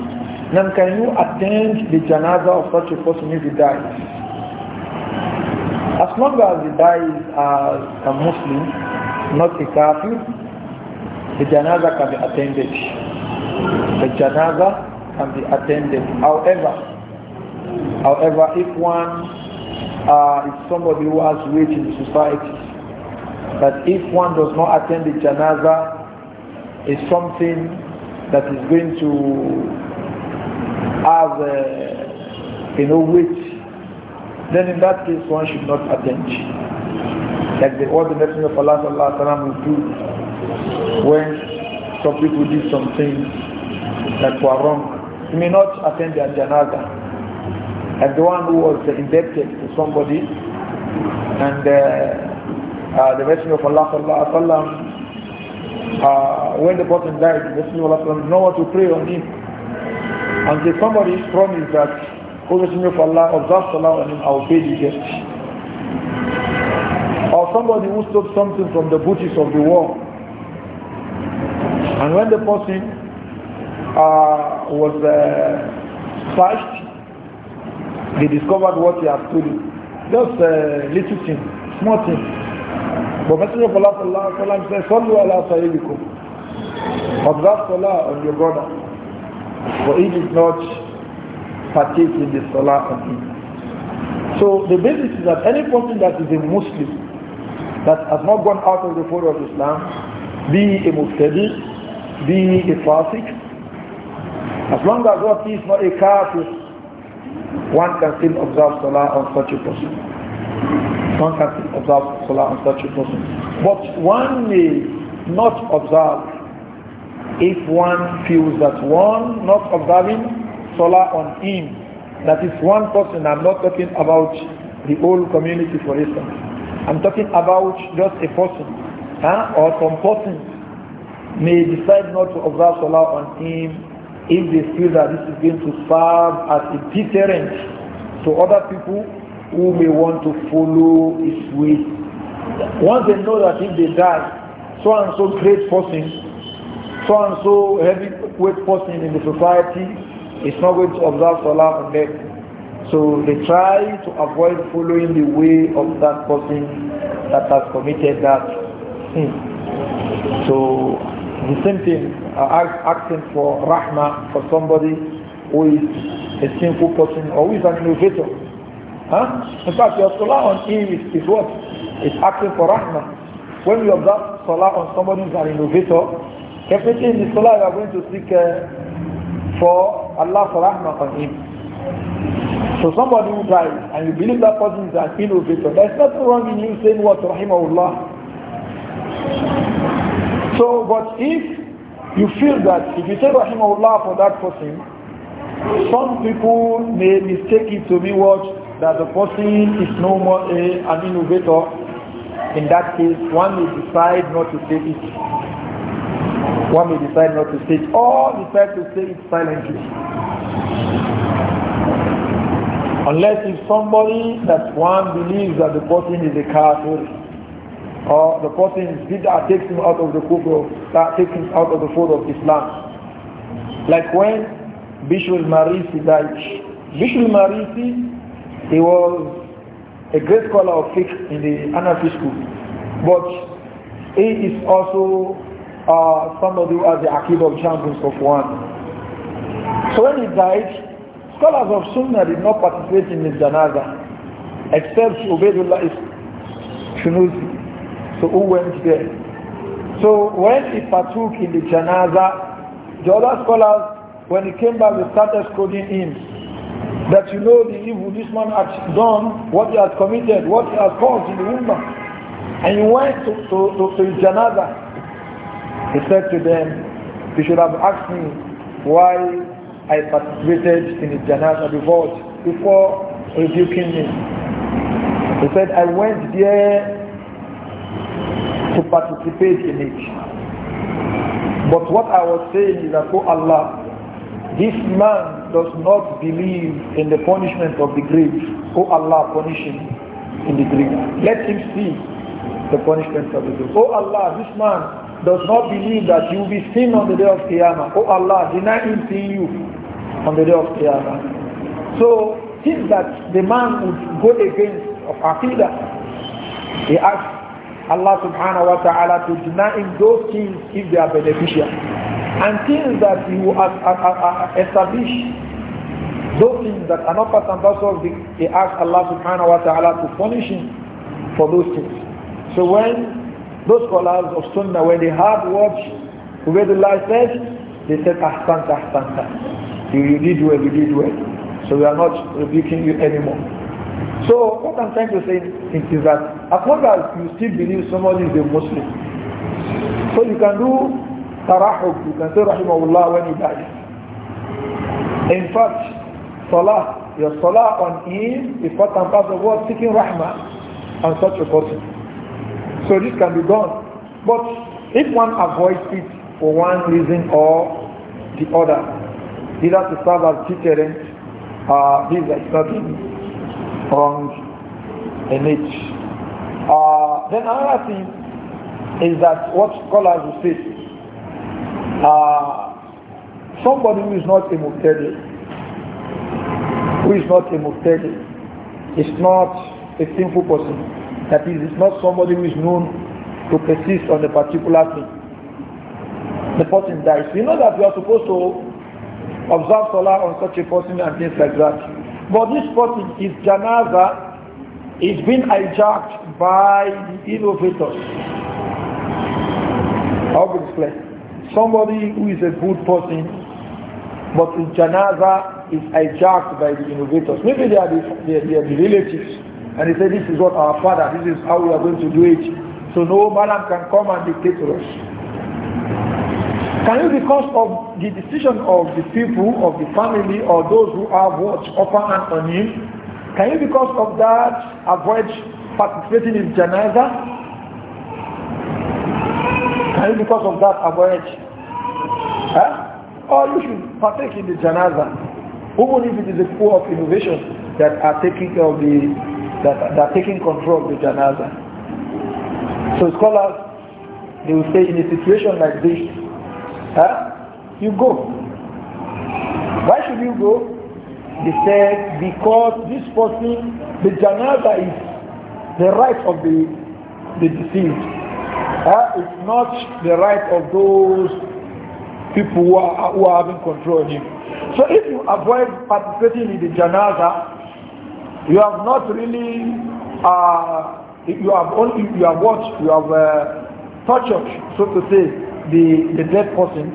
Now can you attend the janaza of such a person if he dies? As long as he dies as a Muslim, not a kafir, the janaza can be attended. The janaza can be attended. However, however, if one uh, is somebody who has weight in the society, that if one does not attend the janaza, is something that is going to have a, uh, you know weight, then in that case one should not attend. Like the, what Messenger of Allah sallallahu alaihi wasallam do when some people did some things that were wrong. He may not attend their janaza. And the one who was indebted to somebody, and uh, uh, the Messenger of Allah sallallahu alaihi wasallam, uh, when the person died, the Messenger of Allah sallallahu no one to pray on him. And if somebody promised that, O Messenger of Allah, observe salah on him, I will pay the debt. Or somebody who stole something from the booty of the war, and when the person uh, was uh, searched, they discovered what he had stolen. Just a uh, little thing, small thing. But Messenger of Allah, Allah, Allah said, Sallu ala sahibikum. Observe Salah on your brother. For he did not partake in the Salah on him. So the basis is that any person that is a Muslim that has not gone out of the fold of Islam, be a Muftadi, be a Fasik? As long as what is not a kafir, one can still observe Salah on such a person. One can still observe Salah on such a person. But one may not observe if one feels that one not observing Salah on him, that is one person, I'm not talking about the whole community for instance. I'm talking about just a person huh, or some persons may decide not to observe Salah on him if they feel that this is going to serve as a deterrent to other people who may want to follow his way. Once they know that if they die, so and so great person, so and so heavy weight person in the society is not going to observe Salah on them. So they try to avoid following the way of that person that has committed that sin. So the same thing, uh, asking for rahmah for somebody who is a sinful person or who is an innovator. Huh? In fact, your salah on him is, is what? It's asking for rahmah. When you observe salah on somebody who is an innovator, definitely in the salah you are going to seek uh, for Allah's rahmah on him. So somebody who dies and you believe that person is an innovator, there's nothing wrong in you saying what rahimahullah. So, but if you feel that, if you say Rahimahullah for that person, some people may mistake it to be what, that the person is no more a, an innovator. In that case, one may decide not to say it. One may decide not to say it, or decide to say it silently. Unless if somebody that one believes that the person is a kafir, or the persons bid'ah that takes him out of the kufr, that takes him out of the fold of Islam. Like when Bishul Marisi died. Bishul Marisi, he was a great scholar of fiqh in the Anafi school, but he is also uh, somebody who has the Aqid of champions of one. So when he died, scholars of Sunnah did not participate in his janaza, except Ubaidullah Shunuzi. So who went there? So when he partook in the janaza, the other scholars, when he came back, they started scolding him. That you know the evil this man has done, what he has committed, what he has caused in the woman. And he went to, to, to, to his janaza. He said to them, you should have asked me why I participated in the janaza before, before rebuking me. He said, I went there participate in it. But what I was saying is that, oh Allah, this man does not believe in the punishment of the grave. Oh Allah, punish him in the grave. Let him see the punishment of the grave. Oh Allah, this man does not believe that you will be seen on the day of Qiyamah. Oh Allah, deny him seeing you on the day of Qiyamah. So, since that the man would go against of Aqidah, he asked. Allah subhanahu wa ta'ala to deny him those things if they are beneficial. And things that you have, established, those things that are not part and parcel they ask Allah subhanahu wa ta'ala to punish him for those things. So when those scholars of Sunnah, when they heard the Ubaidullah said, they said, Ahsanta, Ahsanta. You, you did well, you did well. So we are not rebuking you anymore. So what I'm trying to say is that as long as you still believe somebody is a Muslim, so you can do tarahub, you can say rahimahullah when he dies. In fact, salah, your salah on him is part and part of what? Seeking rahmah and such a person. So this can be done. But if one avoids it for one reason or the other, either to serve as deterrent, uh, this is not wrong in Uh, then another thing is that what scholars will say, uh, somebody who is not a Muqtadi, who is not a Muqtadi, is not a sinful person. That is, it's not somebody who is known to persist on a particular thing. The person dies. You know that we are supposed to observe Salah on such a person and things like that. But this person is janaza is being hijacked by the innovators. Obviously, somebody who is a good person, but his janaza is hijacked by the innovators. Maybe they are the, they, they are the relatives, and they say, this is what our father, this is how we are going to do it. So no madam can come and dictate to us. Can it be because of the decision of the people, of the family, or those who have what upper hand on him? Can it be because of that avoid participating in janaza? Can it be because of that avoid? Huh? Or you should partake in the janaza, even if it is a pool of innovation that are taking of uh, the that, that are taking control of the janaza. So scholars, they will say in a situation like this, Huh? You go. Why should you go? They said, because this person, the janaza is the right of the, the deceased. Huh? It's not the right of those people who are, who are having control of him. So if you avoid participating in the janaza, you have not really, uh, you have only, you have what? You have uh, tortured, so to say, the, the dead person,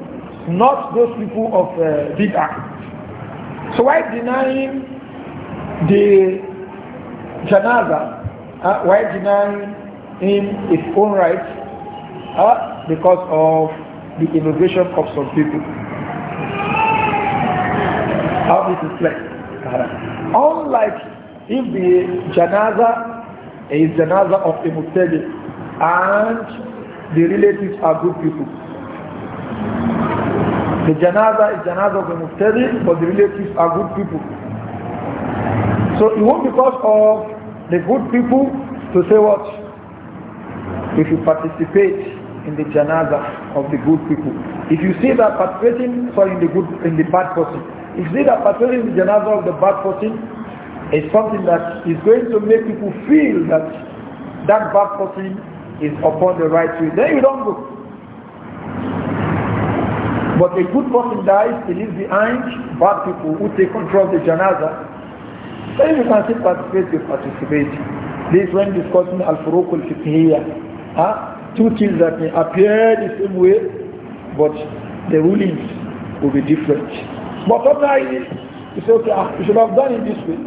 not those people of uh, bid'ah. So why denying the janaza? Uh, why denying him his own rights? Uh, because of the immigration of some people. How this is played. unlike if the janaza is janaza of a and the relatives are good people. The janaza is janaza of the muftadi, but the relatives are good people. So it won't because of the good people to say what? If you participate in the janaza of the good people. If you see that participating, sorry, in the good, in the bad person. If you see that participating in the janaza of the bad person is something that is going to make people feel that that bad person is upon the right way, then you don't go. But a good person dies, he leaves behind bad people who take control of the janaza. Then you can still participate, you participate. This when discussing al-furuq al-fiqhiyya. Huh? Two things that may appear the same way, but the rulings will be different. But sometimes you say, okay, ah, you should have done it this way.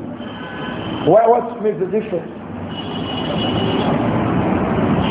Why, what makes the difference?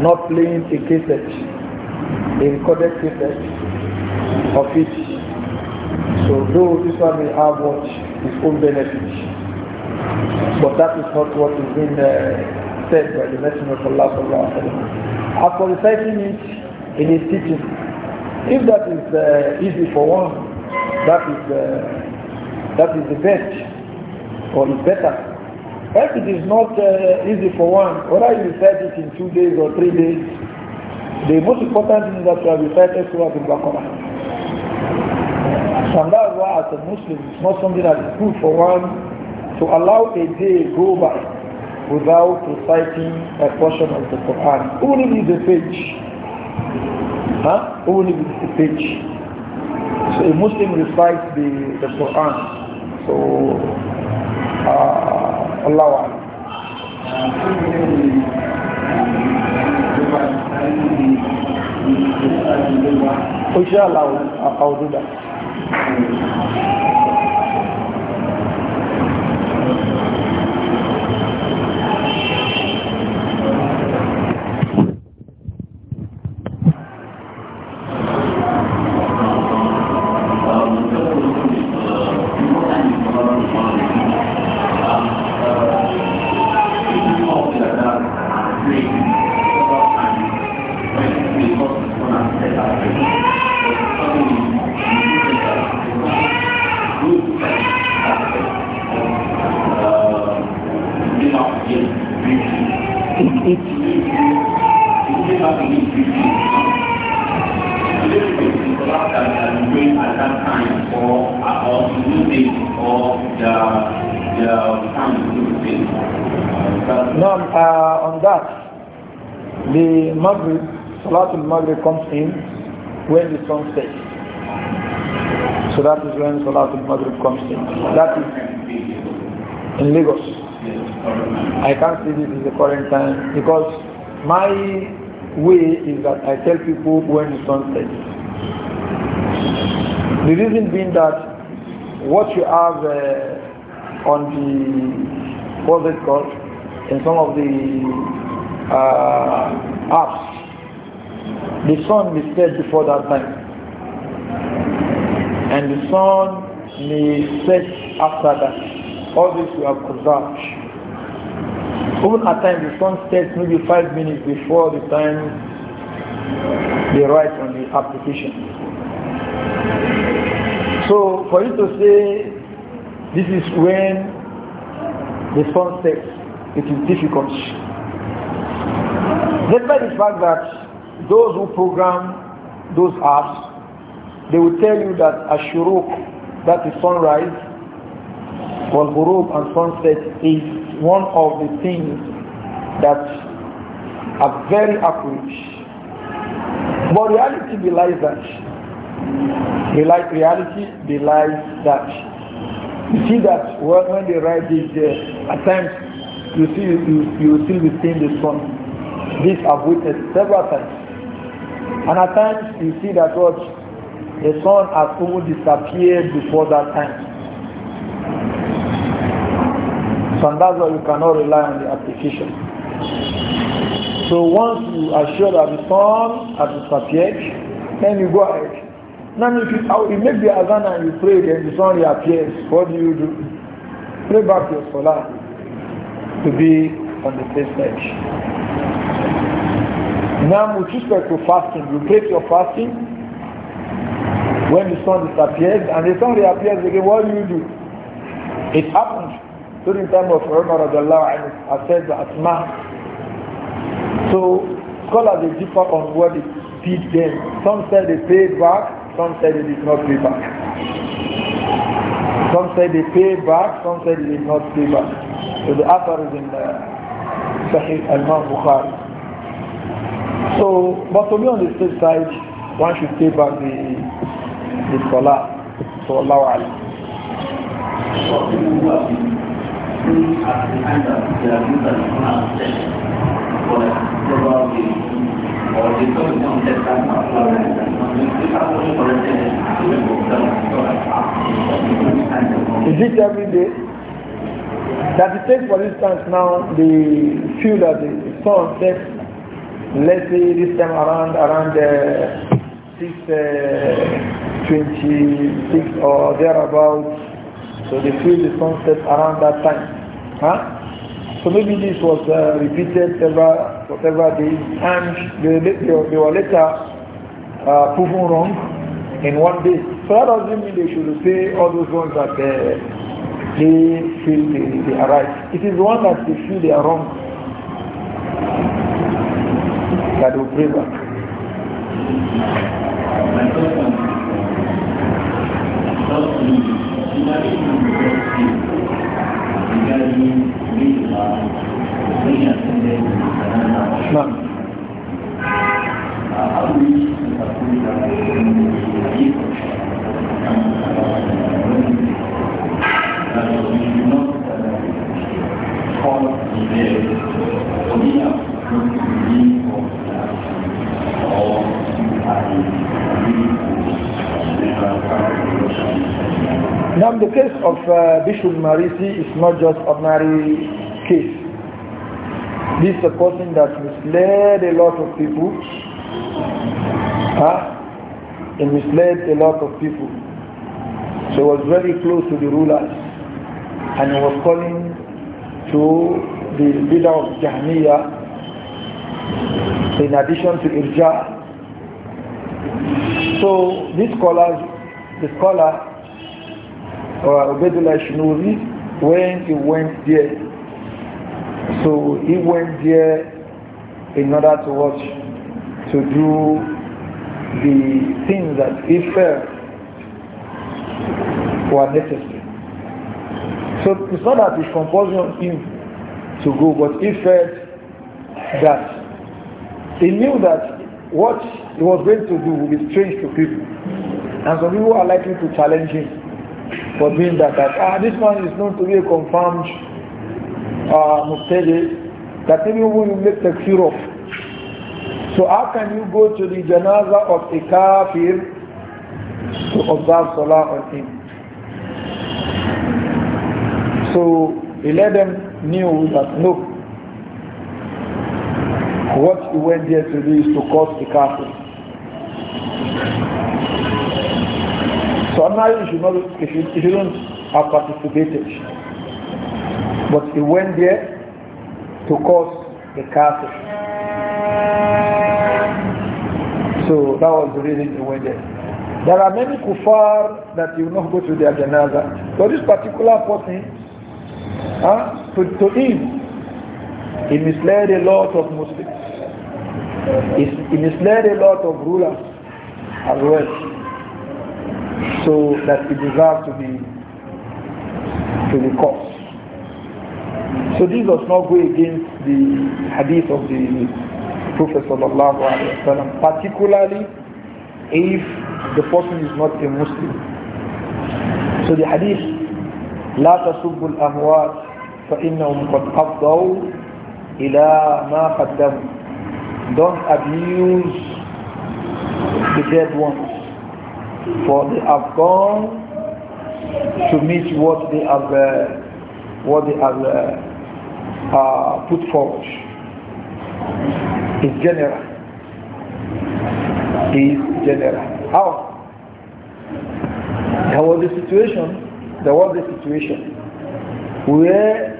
not playing a cassette, a recorded cassette of it. So though this one may have what its own benefit, but that is not what is being uh, said by the Messenger of Allah. After reciting it in his teaching, if that is uh, easy for one, that is uh, that is the best or is better but it is not uh, easy for one, Or I recite it in two days or three days, the most important thing is that you have recited Surah Al-Baqarah. And that's why as a Muslim, it's not something that is good for one to allow a day go by without reciting a portion of the Quran. Only if it's a page. Huh? Only if it's a page. So a Muslim recites the, the Quran. So uh, الله أعلم إن شاء الله أقول ذلك sunset. So that is when Salatul Maghrib comes in. That is in Lagos. I can't say this is the current time because my way is that I tell people when the sun sets. The reason being that what you have uh, on the, what's it called, in some of the uh, apps, the sun is set before that time and the sun may set after that. All this we have observed. Even at times the sun sets maybe five minutes before the time they write on the application. So for you to say this is when the sun sets, it is difficult. Despite the fact that those who program those apps they will tell you that Ashuruk, that is sunrise, wal ghurub and sunset is one of the things that are very accurate. But reality belies that. Reality belies that. You see that when they write this, uh, at times you see you, you still be seeing the sun. This I've witnessed several times. And at times you see that what the sun has almost disappeared before that time. So that's why you cannot rely on the application. So once you are sure that the sun has disappeared, then you go ahead. Now if you, you make the azan and you pray, then the sun reappears. What do you do? Pray back your salah to be on the same side. Now with respect to fasting, you break your fasting when the sun disappears and the sun reappears again, what do you do? It happened during the time of Umar and I said the Asma. So scholars they differ on what it did them. Some said they paid back, some said they did not pay back. Some said they paid back, some said they did not pay back. So the author is in uh, Sahih al Bukhari. So, but to me on the safe side, one should pay back the the salah to Allah Ali. Is it every day? That it takes for instance now the fuel that the sun sets, let's say this time around around uh, 626 uh, or thereabouts. So they feel the sunset around that time. Huh? So maybe this was uh, repeated several, several days, and they, they, they were later uh, proven wrong in one day. So that doesn't mean they should say all those ones that uh, they feel they, they are right. It is the one that they feel they are wrong that will pray back. t h a n o Now the case of uh, Bishop Marisi is not just ordinary case. This is a person that misled a lot of people. Huh? He misled a lot of people. So he was very close to the rulers and he was calling to the leader of Jahmiyyah in addition to Irja so these scholars, the scholar uh, Obedullah Shinuri, when he went there, so he went there in order to watch, to do the things that he felt were necessary. So it's not that it's compulsion on him to go, but he felt that he knew that what he was going to do will be strange to people. And some people are likely to challenge him for being that. That ah, this man is known to be a confirmed uh, that even when you make cure of. So how can you go to the janaza of a kafir to observe salah on him? So he let them know that no, what he went there to do is to cause the castle. So now you should not you did not have participated. But he went there to cause the castle. So that was the reason he went there. There are many kuffar that you will not go to their janaza. So this particular person, huh, to, to him, he misled a lot of Muslims. It's, it misled a lot of rulers as well. So that it deserves to be to be caught. So this does not go against the hadith of the Prophet sallallahu alaihi wasallam, particularly if the person is not a Muslim. So the hadith, لا تسبوا الأموات فإنهم قد أفضوا إلى ما قدموا don't abuse the dead ones for they have gone to meet what they have uh, what they have uh, uh, put forward is general is general how there was a situation there was a situation where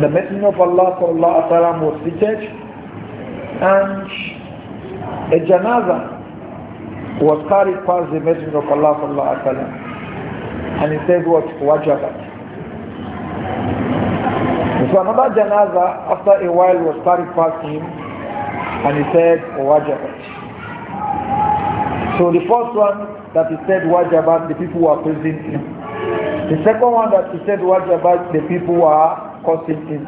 the messenger of Allah was seated and a janaza was carried past the Messenger of Allah sallallahu alaihi wasallam, and he said, "What wajabat?" So another janaza, after a while, was carried past him, and he said, wajabat. So the first one that he said wajabat, the people were praising him. The second one that he said wajabat, the people were cursing him.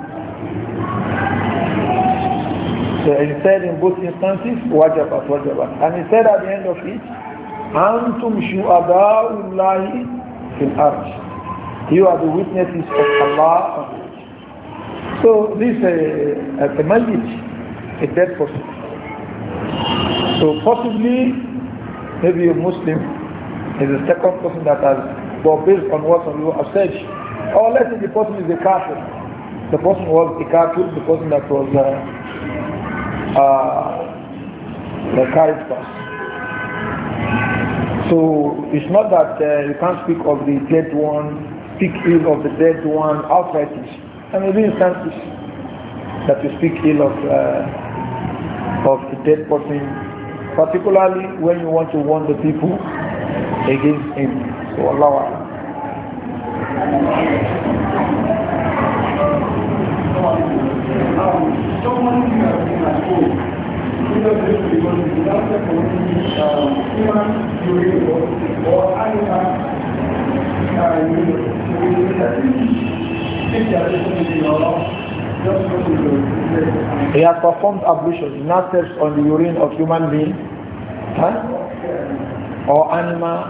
So he said in both instances, wajabat, wajabat. And he said at the end of it, Antum shu'ada'ullahi fil arj. You are the witnesses of Allah So this is uh, a the a dead person. So possibly, maybe a Muslim is the second person that has, well, based on what you have said, or let's say the person is a kafir. The person was a kafir, the person that was uh, uh, the characters. So it's not that uh, you can't speak of the dead one, speak ill of the dead one outright. I mean, there instances that you speak ill of uh, of the dead person, particularly when you want to warn the people against him. So Allah. Um, Someone food. Because this because without the community, uh, human urine or animal uh, urine, he has performed ablution. He now steps on the urine of human being huh? or animal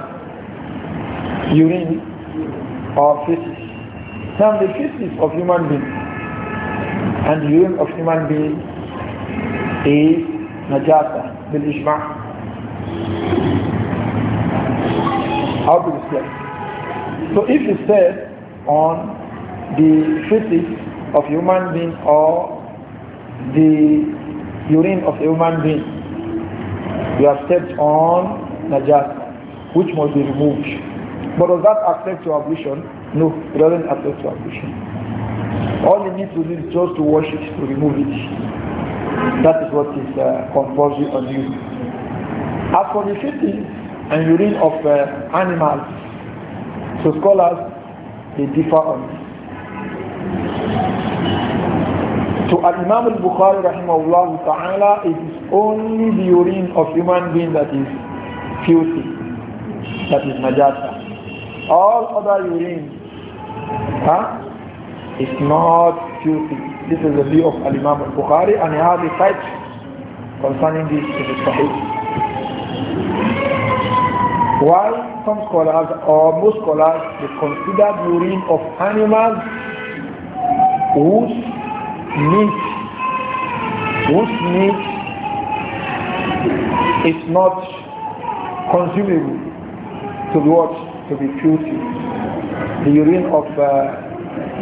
urine or feces. Now the feces of human being and urine of human being is najasa bil ijma. How to explain? So if you said on the feces of human being or the urine of human being, you have stepped on najasa, which must be removed. But does that affect your ablution? No, it doesn't affect your ablution. All you need to do is just to wash it, to remove it. That is what is uh, compulsory on you. As for the shitting and urine of uh, animals, so scholars, they differ on this. So imam al-Bukhari rahimahullah ta'ala, it is only the urine of human being that is filthy, that is najasa. All other urine huh, is not filthy. This is the view of Al-Imam al-Bukhari and he has a site concerning this in the Sahih. While some scholars or most scholars they consider the urine of animals whose meat whose meat is not consumable to what to be filthy. The urine of uh,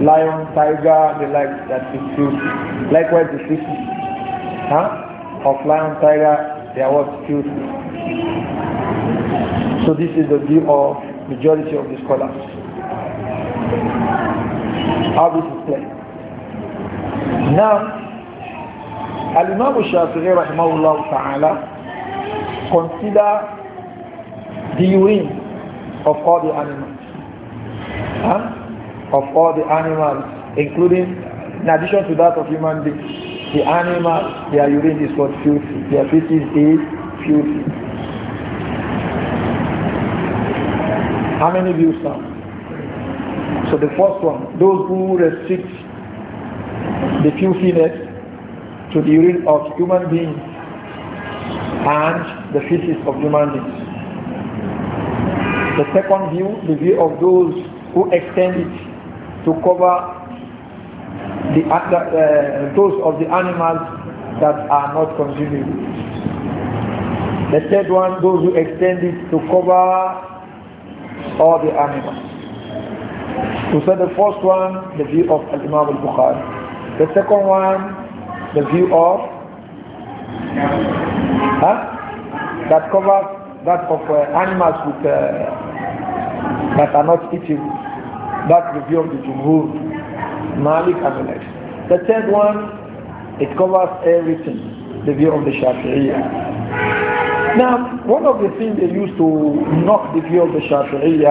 lion, tiger, the like that is true. Likewise, the fish huh? of lion, tiger, they are what true. So this is the view of majority of the scholars. How this is played. Now, Al-Imam Shafi'i rahimahullah ta'ala consider the urine of all the animals. Huh? of all the animals, including, in addition to that of human beings, the animals, their urine is what filthy, their feces is filthy. How many views now? So the first one, those who restrict the filthiness to the urine of human beings and the feces of human beings. The second view, the view of those who extend it to cover the uh, those of the animals that are not consuming. The third one, those who extend it to cover all the animals. To say the first one, the view of Al Imam al Bukhari. The second one, the view of huh? that covers that of uh, animals with, uh, that are not eating. That's the view of the Jumhur, Malik and the The third one, it covers everything, the view of the Shafi'iyah. Now, one of the things they used to knock the view of the Shafi'iyah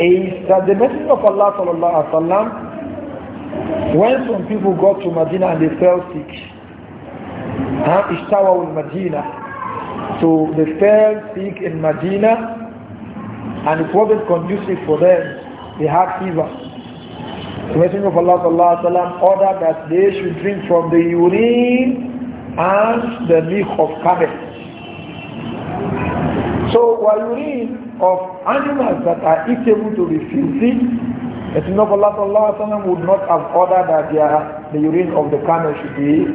is that the message of Allah sallallahu alaihi wasallam, when some people got to Medina and they fell sick, ishtawa in Medina, so they fell sick in Medina, and it wasn't conducive for them they had fever. The Messenger of Allah sallallahu ordered that they should drink from the urine and the milk of camel. So while urine of animals that are eatable to be filthy, the Messenger of Allah sallallahu would not have ordered that the urine of the camel should be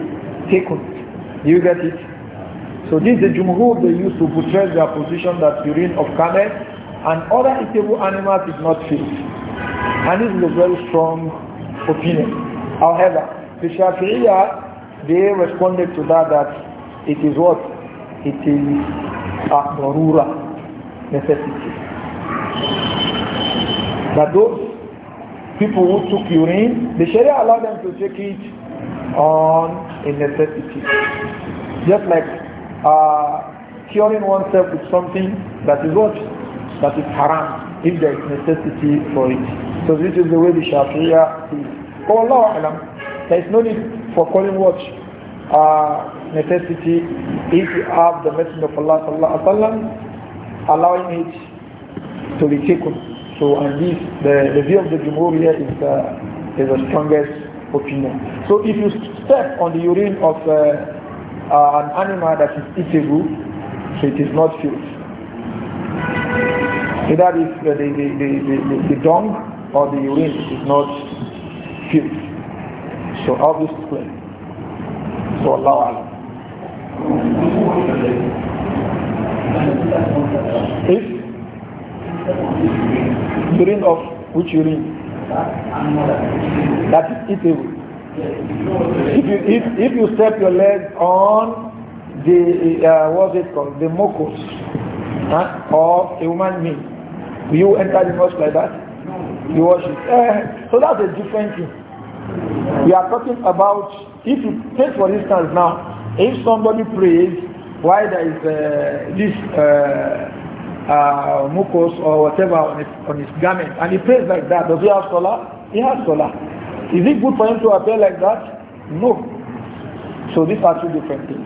taken. You get it? So this is the Jumhur, they used to portray their position that urine of camel and other eatable animals is not fit. And this is a very strong opinion. However, the Shafi'iyah, they responded to that that it is what? It is a darura necessity. That those people who took urine, the Sharia allowed them to take it on a necessity. Just like uh, curing oneself with something that is what? that is haram if there is necessity for it. So this is the way the Sharia is. For oh, Allah alam, there is no need for calling watch uh, necessity if you have the Messenger of Allah sallallahu alaihi allowing it to be taken. So and this, the, the view of the Jumhur here is, uh, is the strongest opinion. So if you step on the urine of uh, uh, an animal that is eatable, so it is not filth. Either if the, the, the, the, the dung or the urine is not filled. So all this is clear. So Allah Allah. If urine of which urine? That is eatable. If you if, if you step your leg on the uh, what's it called the mucus huh, of a human being, Will you enter the mosque like that? You worship. Eh, so that's a different thing. We are talking about, if you take for instance now, if somebody prays why there is uh, this uh, uh, mucus or whatever on his, on his garment, and he prays like that, does he have solar? He has solar. Is it good for him to appear like that? No. So these are two different things.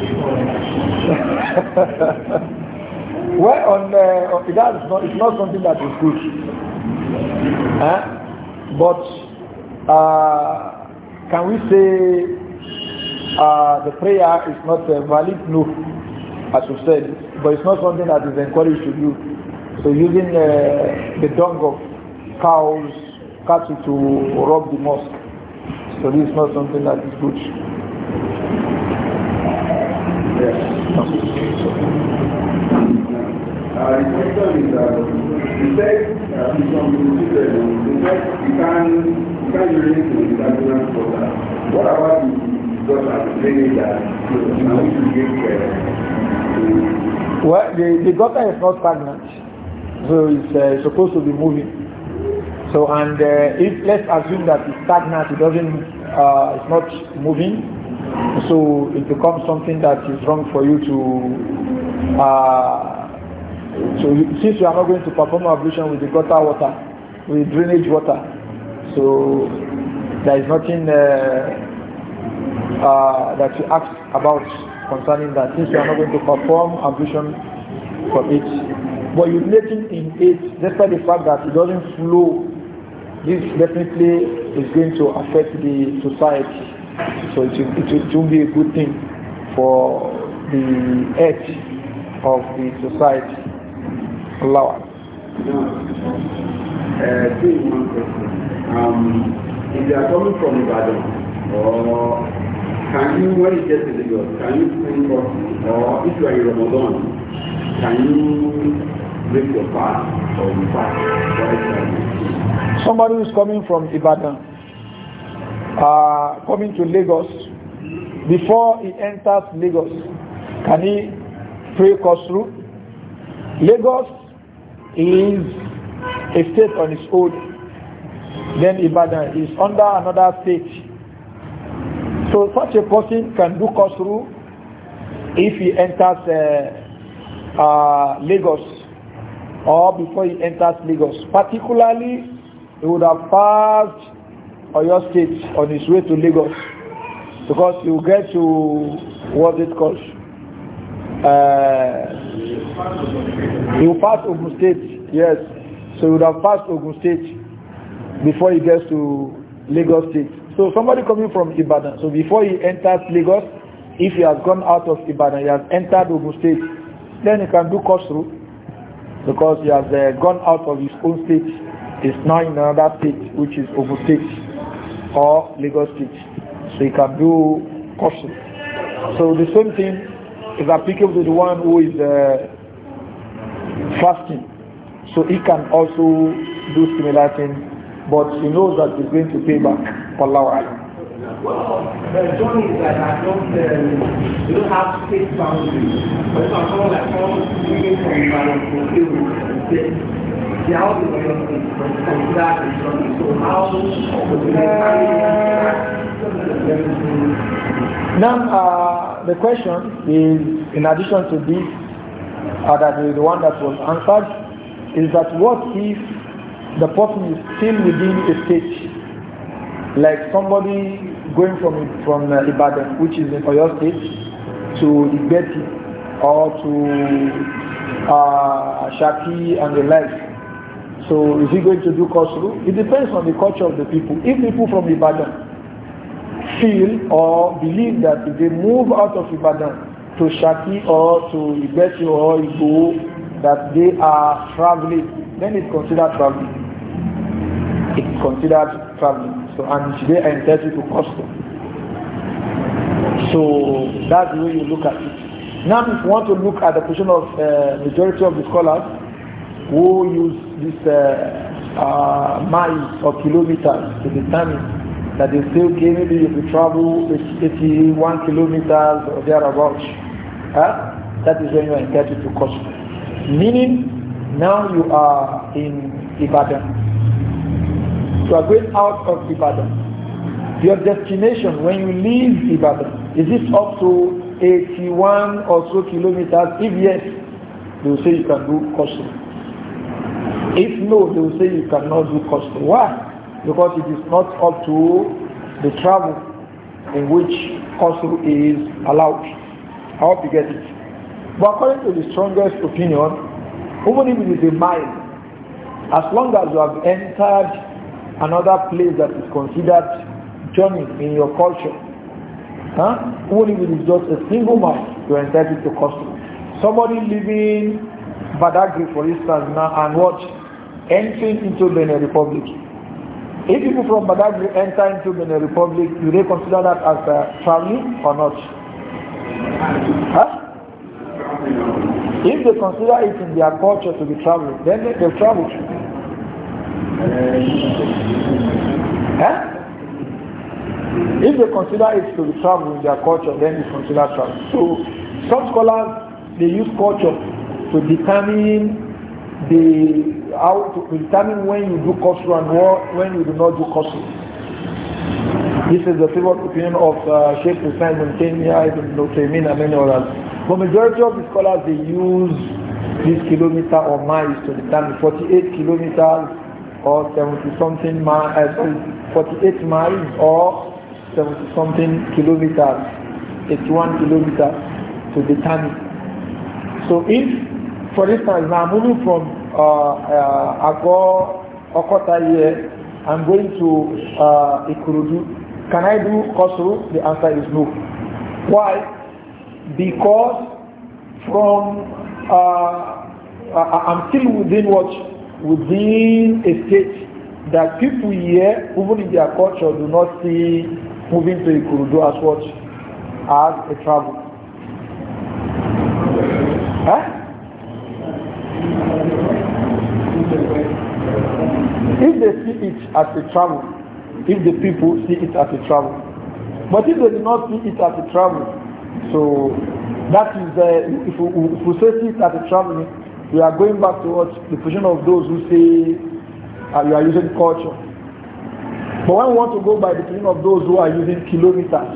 well, on, uh, that is not, it's not something that is good. Huh? But uh, can we say uh, the prayer is not uh, valid? No, as you said, but it's not something that is encouraged to do. So using uh, the dung of cows, cattle to rob the mosque. So this is not something that is good the is you can relate to What about the daughter that Well, the, the daughter is not pregnant, so it's uh, supposed to be moving. So, and uh, if let's assume that it's stagnant, it doesn't, uh, it's not moving, so it becomes something that is wrong for you to. Uh, so you, since you are not going to perform ablution with the gutter water, with drainage water, so there is nothing uh, uh, that you ask about concerning that. Since you are not going to perform ablution from it, but you letting in it, despite the fact that it doesn't flow, this definitely is going to affect the society So it, it, it will be a good thing for the edge of the society. Allow us. Now, uh, one question. Um, if you are coming from Ibadan, or can you, when you get to Lagos, can you bring up, or if you are in Ramadan, can you break your fast or fast? Somebody who is coming from Ibadan, uh, coming to Lagos, before he enters Lagos, can he pray Kosru? Lagos is a state on its own. Then Ibadan is under another state. So such a person can do Kosru if he enters uh, uh, Lagos or before he enters Lagos. Particularly, he would have passed Oyo State on his way to Lagos because you get to what it calls. Uh, will pass Ogun State, yes. So you would have passed Ogun State before he gets to Lagos State. So somebody coming from Ibadan, so before he enters Lagos, if he has gone out of Ibadan, he has entered Ogun State, then he can do through because he has uh, gone out of his own state. It's now in another state, which is Ogun State or Lagos State. So you can do caution. So the same thing is applicable to the one who is uh, fasting. So he can also do similar but he knows that he's going to pay back for Allah. Well, the journey is that I don't, um, you don't have space boundaries. But if I'm someone like home, living from Ibadan to Kiru, the way up to consider the journey. So how would you now, uh, the question is, in addition to this, uh, that is the one that was answered, is that what if the person is still within a stage, like somebody going from from uh, Ibadan, which is in Oyo State, to Igbeti or to uh, Shaki and the like. So is he going to do Kosru? It depends on the culture of the people. If people from Ibadan feel or believe that if they move out of Ibadan to Shaki or to Igbeti or Igbo, that they are traveling, then it's considered traveling. It's considered traveling so and I are entitled to custom. So that's the way you look at it. Now if you want to look at the position of uh, majority of the scholars who use this uh, uh, miles or kilometers to determine that they still okay maybe if you travel 81 kilometers or thereabouts, huh? that is when you are entitled to custom. Meaning now you are in Ibadan you are going out of Ibadan. Your destination when you leave Ibadan, is it up to 81 or so kilometers? If yes, they will say you can do custom. If no, they will say you cannot do custom. Why? Because it is not up to the travel in which custom is allowed. I hope you get it. But according to the strongest opinion, even if it is a mile, as long as you have entered another place that is considered journey in your culture, huh? only if it is just a single month you are entitled to custom. Somebody living Badagri, for instance, now and watch entering into Benin Republic. If people from Badagri enter into Benin Republic, do they consider that as uh, traveling or not? Huh? If they consider it in their culture to be traveling, then they, they travel. Eh? If they consider it to be travel in their culture, then it's considered travel. So some scholars they use culture to determine the how to determine when you do cultural and what, when you do not do cultural. This is the favorite opinion of uh, Sheikh Hussain Ibn Taymiyyah, Ibn Nutaymin, and many others. The majority of the scholars, they use this kilometer or miles to determine 48 kilometers, or 70 something miles, eh, 48 miles or 70 something kilometers, 81 kilometers to the time. So if, for instance, I'm moving from uh, uh, Agor, Okota here, I'm going to uh, Ikurudu, can I do Kosru? The answer is no. Why? Because from, uh, I'm still within what within a state that people here, even in their culture, do not see moving to Ikurudu as what as a travel. Huh? If they see it as a travel, if the people see it as a travel, but if they do not see it as a travel, so that is uh, if we, if we say it as a travel, we are going back towards the position of those who say uh, you are using culture. But when we want to go by the position of those who are using kilometers,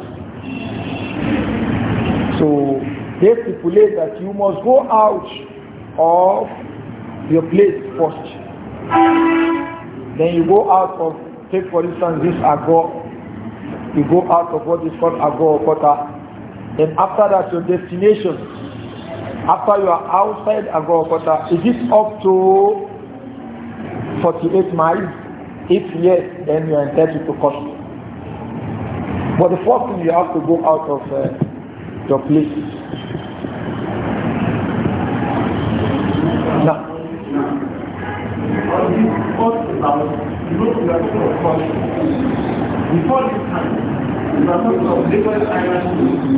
so they stipulate that you must go out of your place first. Then you go out of, take for instance this agor, you go out of what is called agor or kota. Then after that your destination after you are outside Agorokota, is it up to 48 miles? If yes, then you are entitled to caution. But the first thing you have to go out of uh, your place. Now, before this time, we are talking of different islands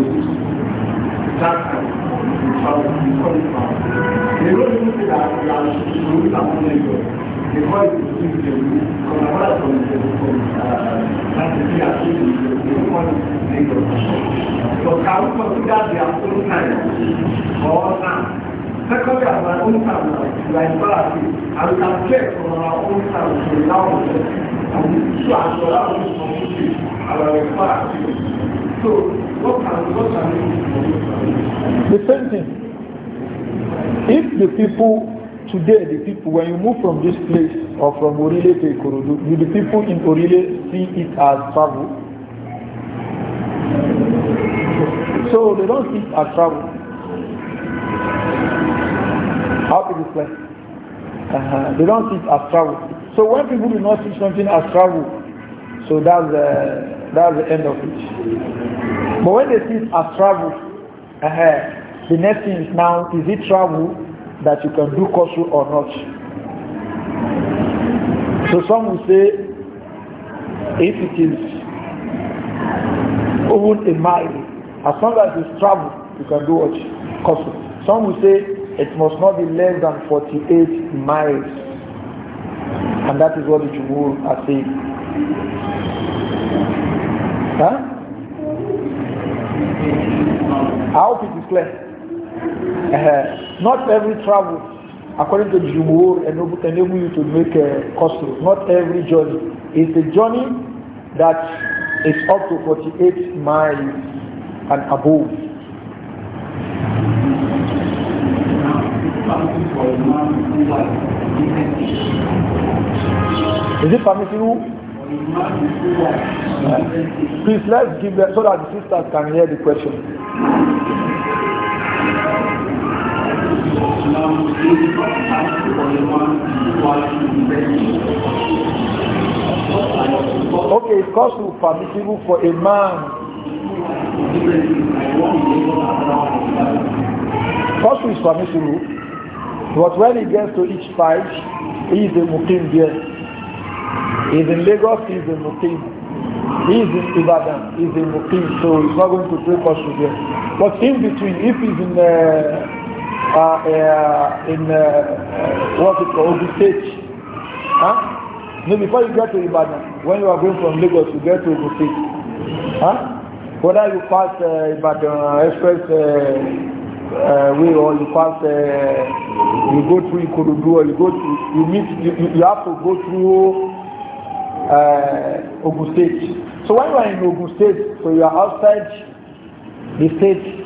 The same thing. If the people today, the people, when you move from this place or from Orile to Ikorodu, do the people in Orile see it as travel? So they don't see it as travel. How to explain? Uh, they don't see it as travel. So when people do not see something as travel, so that's that's the end of it. But when they see it as travel, uh, the next thing is now, is it travel that you can do kosher or not? So some will say, if it is even a mile, as long as it's travel, you can do what? Kosher. Some will say, it must not be less than 48 miles. And that is what the Jumhur are saying. Huh? I hope it is clear. Uh, not every travel, according to Jumur, and enable you to make a custom. Not every journey. It's a journey that is up to 48 miles and above. Is it permissible? please let's give them so that the sisters can hear the question. Okay, it's also permissible for a man Cost is permissible, but when he gets to each place, he is a mukim there. He is in Lagos, he is a mukim. He is in Ibadan, he is a mukim, so he's not going to pay cost there. But in between, if he's in uh, uh, uh, in uh, uh what's called, the stage. Huh? No, before you get to Ibadan, when you are going from Lagos, you get to the stage. Huh? Whether you pass uh, Ibadan Express uh, uh, way or you pass, uh, you go through Ikurudu or you go to, you meet, you, you have to go through uh, Ogun State. So when you are in Ogun State, so you are outside the state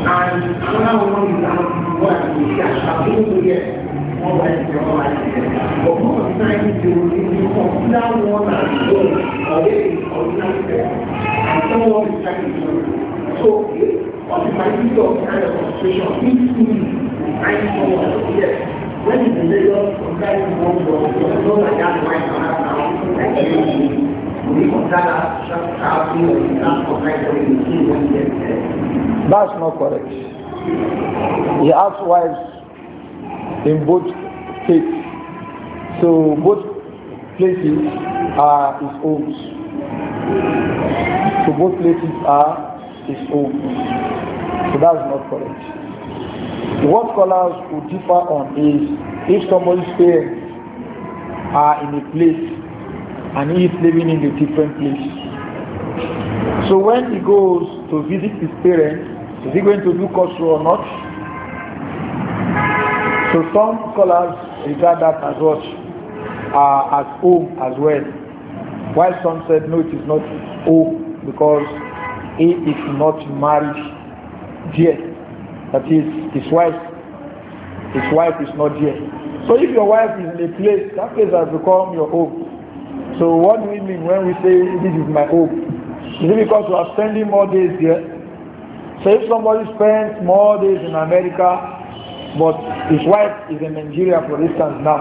And another one is how to work with get more like your But most of the time, you consider one as gold or there is ordinary debt. And someone is trying to So if what is my view of kind of frustration? If you find someone, yes, when is the Lagos comparing one to another, not like that right now, like you, we consider just how you are comparing to the king when you get there. That's not correct. He has wives in both states. So both places are his own. So both places are his own. So that's not correct. What scholars would differ on is if somebody's parents are in a place and he is living in a different place. So when he goes to visit his parents, is he going to do kosher or not? So some scholars regard that as what? Uh, as home as well. While some said no, it is not home because he is not married yet. That is, his wife. His wife is not yet. So if your wife is in a place, that place has become your home. So what do we mean when we say this is my home? Is it because you are spending more days here? So if somebody spends more days in America, but his wife is in Nigeria, for instance, now,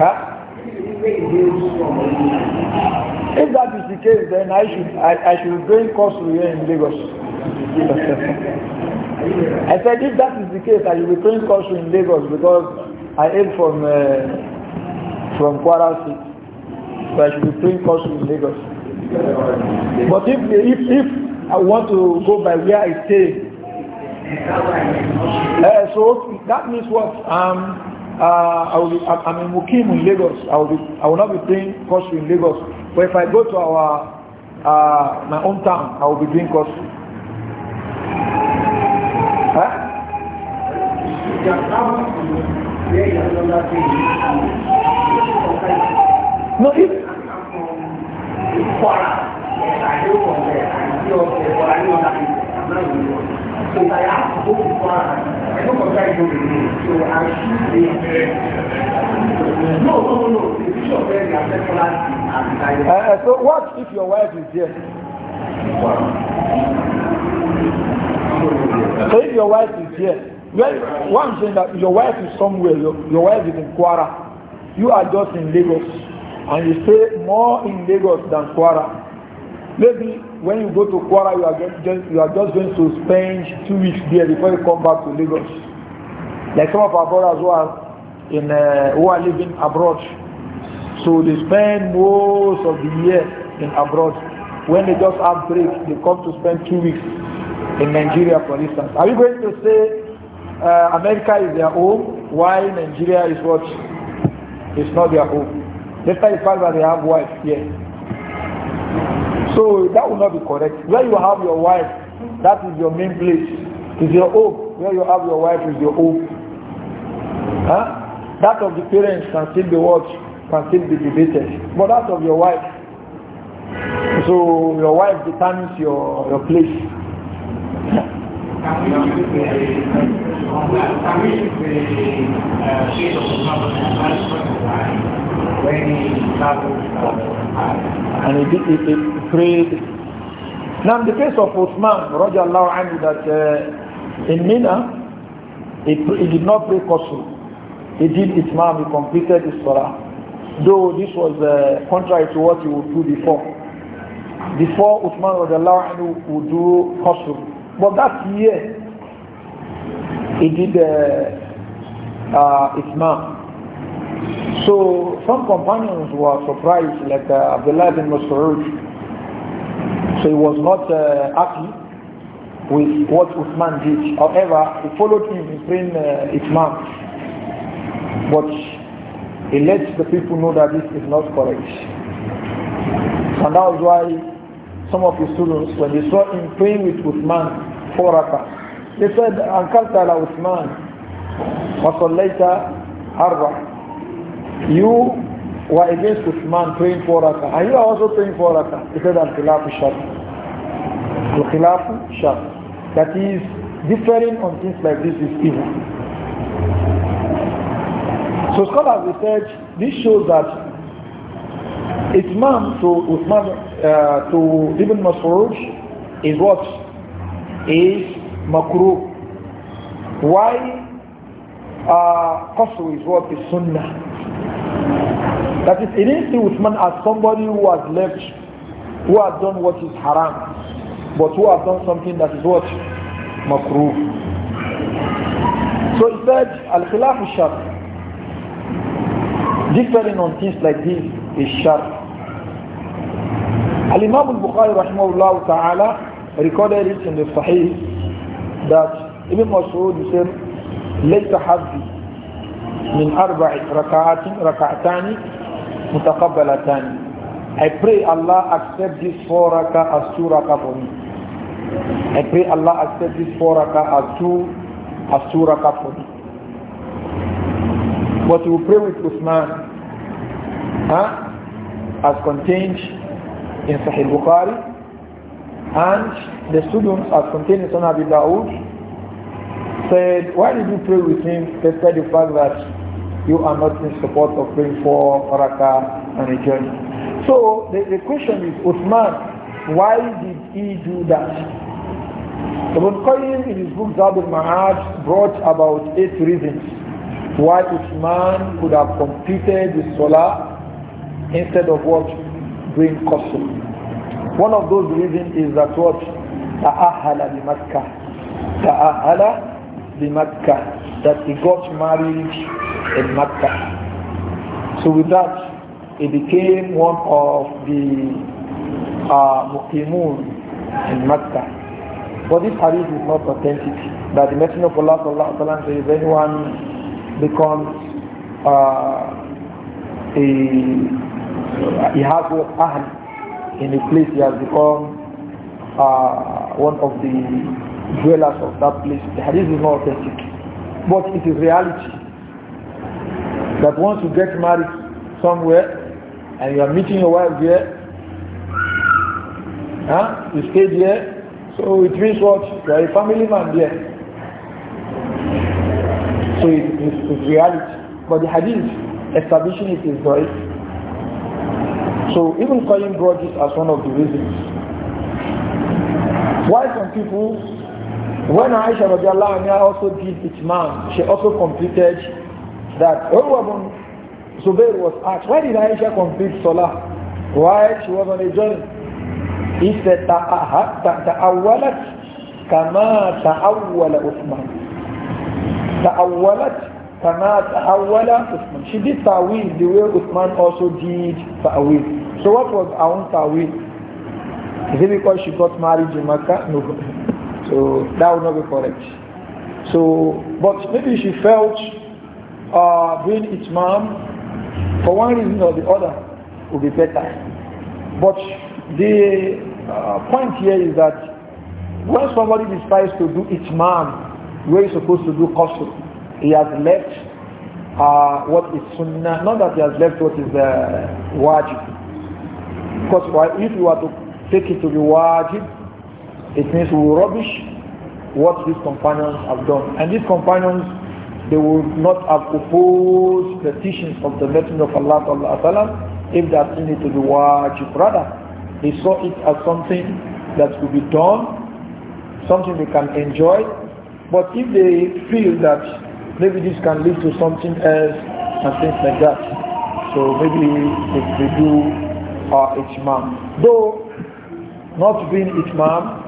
huh? If that is the case, then I should I, I should bring costly here in Lagos. I said if that is the case, I will bring costly in Lagos because I am from uh, from Kwara State, so I should bring costly in Lagos. But if if if I want to go by where I stay. Uh, so that means what? Um, uh, I will be, I'm in Mukim in Lagos. I will, be, I will not be doing Kosu in Lagos. But if I go to our uh, my hometown, I will be doing Kosu. Huh? No, if... àti so what if your wife is here? so if your wife is here, well what I'm saying that your wife is somewhere your, your wife is in Kwara you are just in Lagos and you stay more in Lagos than Kwara Maybe when you go to Kwara, you are just, you are just going to spend two weeks there before you come back to Lagos. Like some of our brothers who are in uh, who are living abroad, so they spend most of the year in abroad. When they just have break, they come to spend two weeks in Nigeria, for instance. Are you going to say uh, America is their home, while Nigeria is what? It's not their home. Despite the fact that they have wife, here. Yeah. So that will not be correct. Where you have your wife, that is your main place. Is your home. Where you have your wife is your home. Huh? That of the parents can still be watched, can still be debated. But that of your wife. So your wife determines your, your place. Can we use the, the, when he and he, did, he, he prayed. Now in the case of Uthman Allah anhu that uh, in Mina he, he did not pray Qasr. He did Itmam, he completed his Salah. Though this was uh, contrary to what he would do before. Before Uthman allowed anhu would do Qasr. But that year he did uh, uh, so some companions were surprised, like uh, Abdullah bin Mas'ud. So he was not uh, happy with what Uthman did. However, he followed him in praying uh, Islam. But he let the people know that this is not correct. And that was why some of his students, when they saw him praying with Uthman for rakah, they said, أنكرت على عثمان وصليت أربع you were against Uthman praying for Raka. Are you also praying for Raka? He said, Al-Khilafu Shaf. Al-Khilafu That is, differing on things like this is evil. So scholars research, this shows that man to Uthman, uh, to Ibn Mas'ud is what? Is makruh. Why uh, Qasr is what is sunnah. That is, he didn't see Uthman as somebody who has left, who has done what is haram, but who has done something that is what? Makruh. So he said, Al-Khilaf is sharp. Differing on things like this is sharp. Al-Imam al-Bukhari rahimahullah ta'ala recorded it in the Sahih that Ibn Mas'ud said, ليس حظي من أربع ركعات ركعتان I pray Allah accept this four rakah as two for me. I pray Allah accept this four rakah as two as two for me. But we pray with Usman, huh? as contained in Sahih Bukhari and the students as contained in Sunnah Abi Dawud said, why did you pray with him despite the fact that you are not in support of praying for Raqqa and a journey. So the, the question is, Uthman, why did he do that? Ibn Qayyim in his book Zab al-Ma'ad brought about eight reasons why Uthman could have completed the Salah instead of what? Doing Qasr. One of those reasons is that what? Ta'ahala bi Makkah. Ta'ahala the Makkah, that he got married in Makkah. So with that, he became one of the uh, Muqimun in Makkah. But this hadith is not authentic, that the Messenger of Allah sallallahu alayhi wa says, if anyone becomes uh, a, he has what ahl in a place he has become uh, one of the dwellers of that place. The hadith is not authentic. But it is reality. That once you get married somewhere and you are meeting your wife there, huh? you stay there, so it means what? You are a family man there. So it is it, reality. But the hadith establishing it is right. So even calling brought this as one of the reasons. Why some people When Aisha radiallahu anha also did man, she also completed that. Urwa bin Zubair was asked, why did Aisha complete Salah? Why she was on a journey? He said, ta'awwalat kama ta'awwala Uthman. Ta'awwalat kama ta'awwala Uthman. She did ta'wil the way Uthman also did ta'wil. So what was Aun own ta'wil? Is it because she got married in Makkah? No. So that would not be correct. So, but maybe she felt uh, doing its mom for one reason or the other would be better. But the uh, point here is that when somebody decides to do its mom, where he's supposed to do qasr, he has left uh, what is sunnah, not that he has left what is uh, wajib. Because if you are to take it to be wajib, it means we will rubbish what these companions have done. And these companions, they would not have opposed the teachings of the Messenger of Allah وسلم, if they had it to be wajib. Rather, they saw it as something that could be done, something they can enjoy. But if they feel that maybe this can lead to something else and things like that, so maybe they, they do uh, Though not being Imam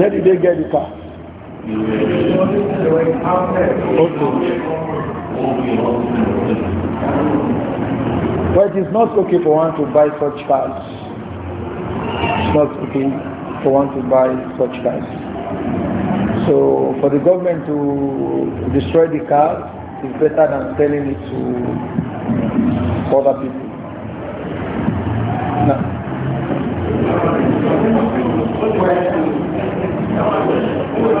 Jadi dia gaji kah? Okay. But it is not okay for one to buy such cars. It's not okay for one to buy such cars. So for the government to destroy the car is better than selling it to other people. No.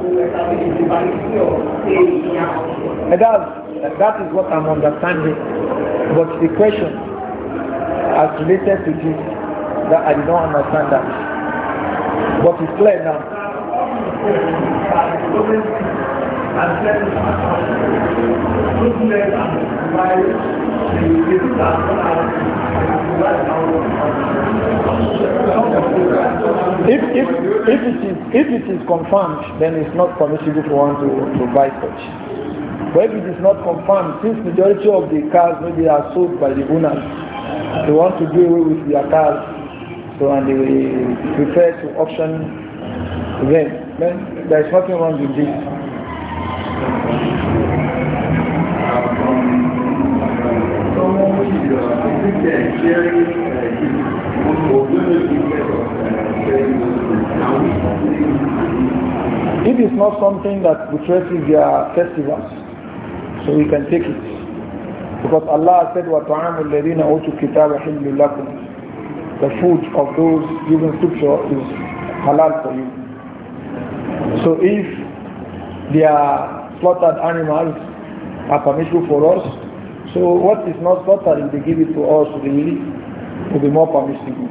And that's, that is what I'm understanding. But the question as related to this, that I do not understand that. But it's clear now. If, if, if, it is, if it is confirmed, then it's not permissible for one to, to buy such. But if it is not confirmed, since majority of the cars maybe are sold by the owners, they want to do away with their cars, so and they prefer to auction them, then there is nothing wrong with this. So, uh, if it's not something that betrays their festivals, so we can take it. Because Allah said, وَطَعَامُ الَّذِينَ أُوتُوا الْكِتَابَ حِلُّ لَكُمْ The food of those given scripture is halal for you. So if their slaughtered animals are permissible for us, so what is not slaughtered if they give it to us really, will be more permissible.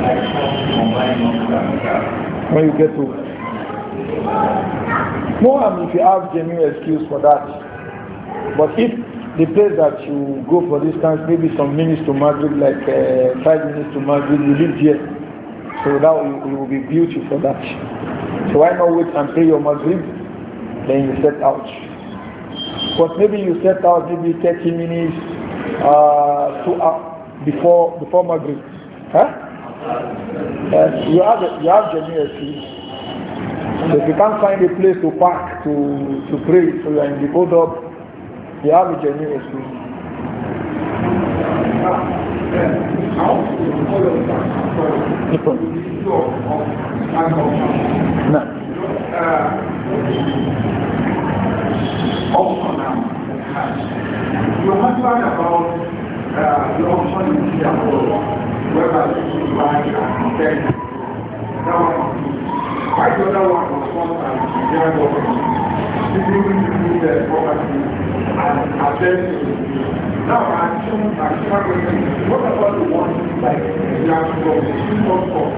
When you get to no, I mean, if you have genuine excuse for that. But if the place that you go for distance, maybe some minutes to Madrid, like uh, five minutes to Madrid, you live here. So that it will be beautiful for that. So why not wait and pay your Madrid, then you set out. But maybe you set out maybe 30 minutes uh, to, uh, before, before Madrid. Huh? Uh, you have you have generosity. So if you can't find a place to park to to pray, so you are in the hold up, you have a genuine excuse. No. You have learned about the option is whether you buy and sell. That Quite the other one was one and Nigerian government. People will do their property and attend Now I'm assume what about the ones like the actual small stock?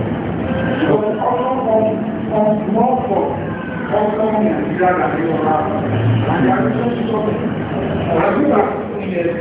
So also from from small stock, also Nigerian and Europe, and the actual stock. I think that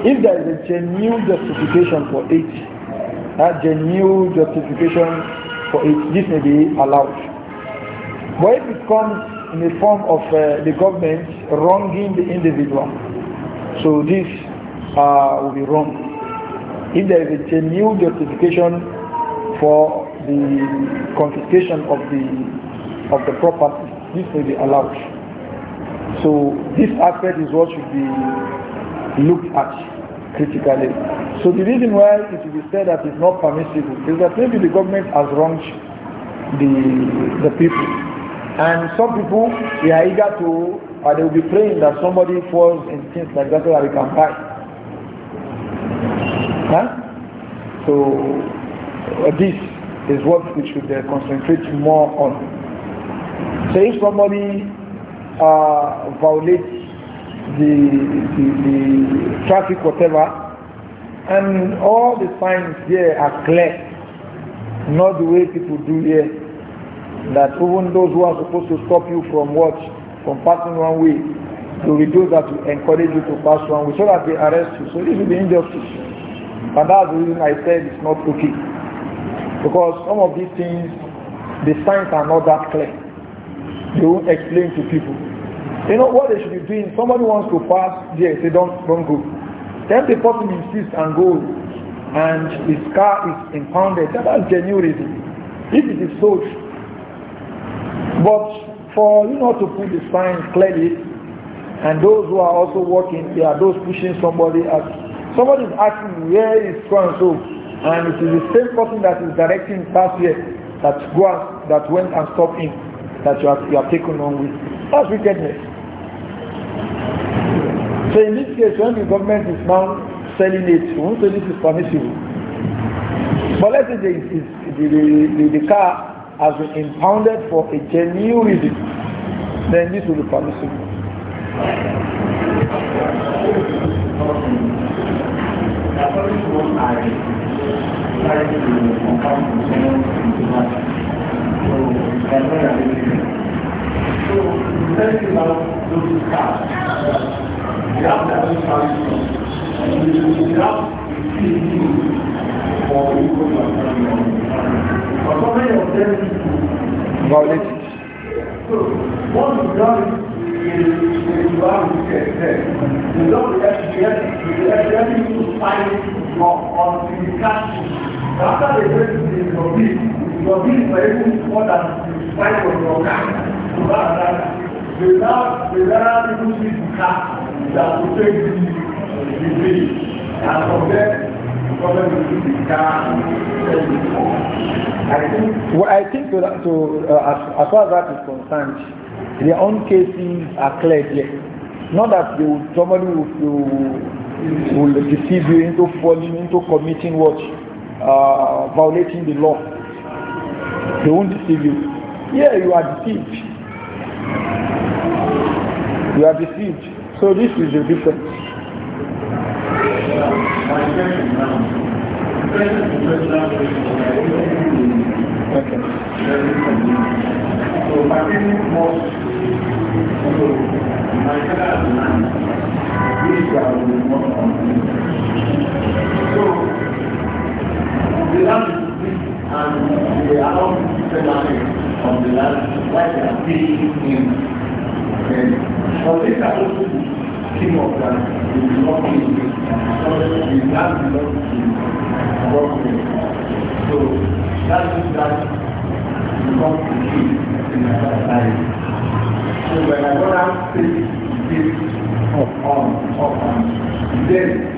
If there is a genuine justification for it, a genuine justification for it, this may be allowed. But if it comes in the form of uh, the government wronging the individual, so this uh, will be wrong. If there is a genuine justification for the confiscation of the of the property, this may be allowed. So this aspect is what should be looked at critically. So the reason why it is said that it's not permissible is that maybe the government has wronged the, the people. And some people, they are eager to, or they will be praying that somebody falls in things like that so that we can buy. Huh? So uh, this is what we should uh, concentrate more on. So if somebody uh, violates the, the, the traffic, whatever, and all the signs here are clear, not the way people do here. That even those who are supposed to stop you from what, from passing one way, to reduce that to encourage you to pass one way, so that they arrest you. So this is the injustice, and that's the reason I said it's not okay, because some of these things, the signs are not that clear. They won't explain to people. You know what they should be doing? Somebody wants to fast, yes, they don't, don't go. Then the person insists and goes, and his car is impounded. That's genuinity. If it is so. But for you know to put the sign clearly, and those who are also working, they are those pushing somebody as somebody is asking where is so and so, and it is the same person that is directing past here that that went and stopped him that you are, you taken on with. That's wickedness. So in this case, when the government is now selling it, we want to this is permissible. But let's say the, the, the, the car has been impounded for a genuine reason, then this will be permissible. Thank you. So the first about those cars, you have we have a transition. You have to see for the But many of them violate it. So what is done is we have to get there. You don't have to get you have to find your on the cash. After they to the complete, your bills are even well, I think to, that, to uh, as, as far as that is concerned, their own cases are cleared yet. Not that they would, somebody would, will deceive you into falling into committing what uh, violating the law They won't deceive you. Yeah, you are deceived. You are deceived. So this is the difference. Okay. So my the land and they allow family from the land while they are being in. And for this are also the king of that is not king. So the land belongs to government. So that is that becomes the king in my life. So when I go around this, this of, on, of, on, then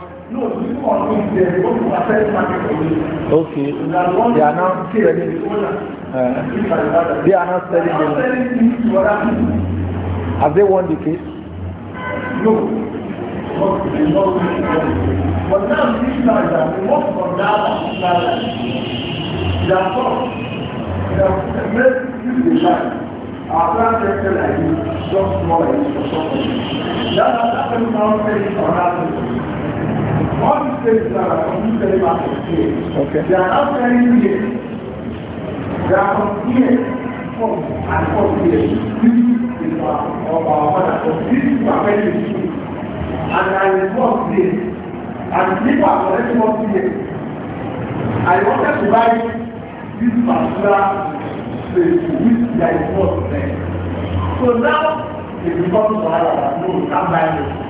Okay. They are not selling. Uh, they are not selling uh, them. Have they won the case? No. But now this is that we work from that They are taught. They have made to the Our plan is like just more and so on. That has happened now, on All these places are completely back in the Okay. They are not very here. They are from here, from and from here. This is of our mother. So this is our very issue. And I was this. And people are collecting us here. I wanted to buy this particular place which there is not there. So now it becomes a no, we can't buy this.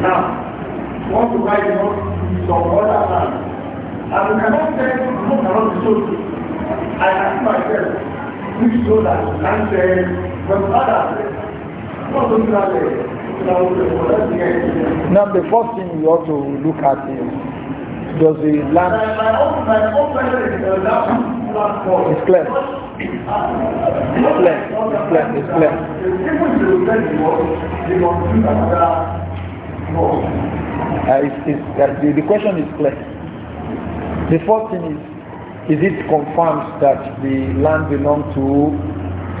Now, what do I know is of other hand. And we cannot say, no, cannot be so I ask myself, which so that can say, father, others what do you have now the first thing you have to look at is does the land it's clear it's clear it's clear it's clear Uh, it's, it's, uh, the, the question is clear. The first thing is, is it confirmed that the land belongs to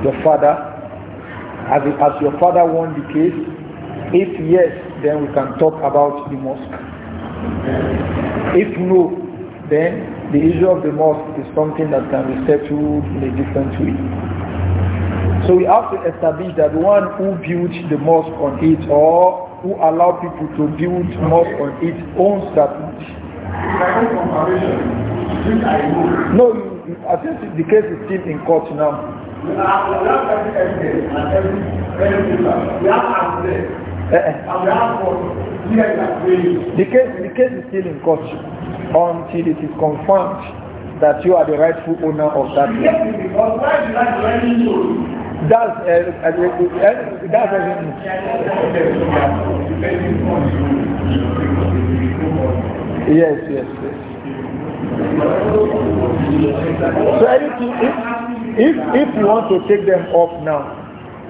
your father? as your father won the case? If yes, then we can talk about the mosque. If no, then the issue of the mosque is something that can be settled in a different way. So we have to establish that the one who built the mosque on it or who allowed people to build mosque on it owns that much. No, I think the case is still in court now. Uh-uh. The case, the case is still in court until it is confirmed that you are the rightful owner of that. Land. that's eh, eh, eh, that's yes yes so if if if you want to take them off now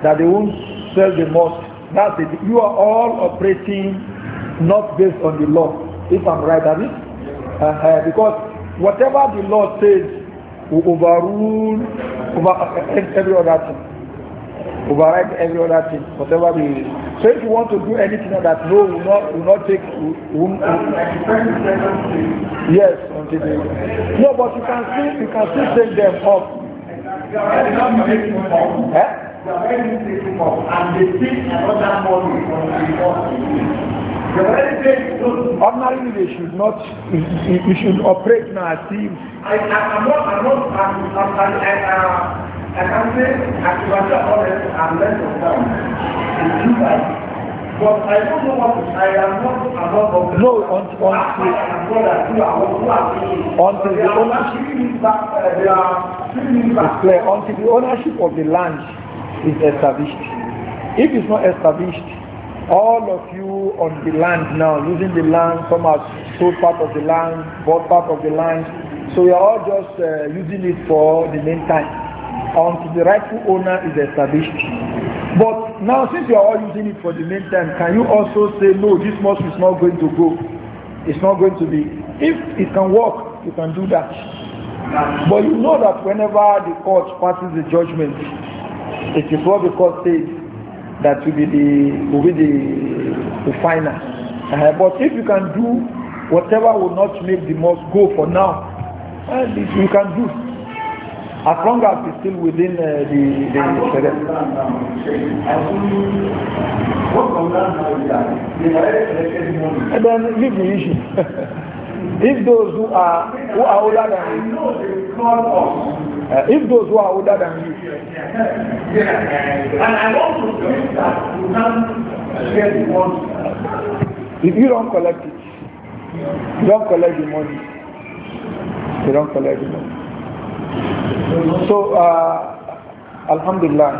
that they won't sell the mosque that's it you are all operating not based on the law if i'm right at it uh, uh, because whatever the law says will overrule over every other thing override every other thing, whatever we So if you want to do anything that, no, will not, will not take. Will, will, yes, until they. No, but you can still, you can still take them off. Eh? Ordinarily, they should not. You should operate now as thieves. I, I, I'm not. I'm not. I'm, I'm, I'm, I'm, I'm, I'm àkànṣe àtìwájú àkọọ́lẹ̀ àmẹ́sọ̀tàn ìlú báyìí. But I don't know what I am not above of No, until, until the ownership clear, the ownership of the land is established. If it's not established, all of you on the land now, using the land, some have sold part of the land, bought part of the land. So we are all just uh, using it for the meantime until the rightful owner is established. But now since you are all using it for the meantime, can you also say, no, this mosque is not going to go. It's not going to be. If it can work, you can do that. But you know that whenever the court passes the judgment, it is what the court says that will be the, will be the, the final. Uh, but if you can do whatever will not make the mosque go for now, and you can do as long as it's still within uh, the the sharia. And then leave the issue. if those who are who are older than you, uh, if those who are older than you, and I want to do that, If you don't collect it, you don't collect the money. You don't collect the money. So, uh, Alhamdulillah.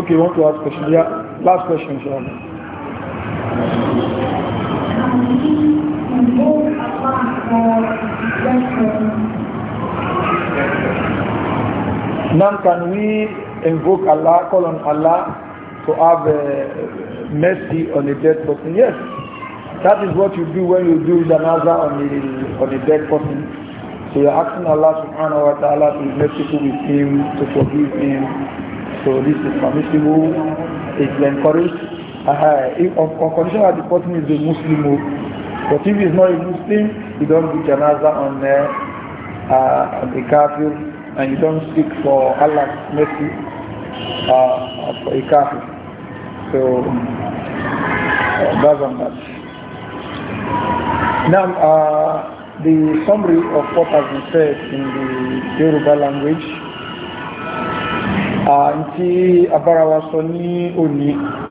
Okay, want to ask question? Yeah, last question, inshallah. Now, can we invoke Allah, call on Allah to have uh, mercy on a dead person? Yes, that is what you do when you do janaza on the on a dead person. So you're asking Allah subhanahu wa ta'ala to bless merciful with him, to forgive him. So this is permissible. It's encouraged. Uh, if, on, on condition that the person is a Muslim, oh, but if he's not a Muslim, you don't do janaza on the, uh, on the kafir and you don't speak for Allah's mercy uh, for a kafir. So uh, that's on that. Now, uh, the summary of what has been said in the Yoruba language. Àǹtí uh, abárawa sọ ní òní.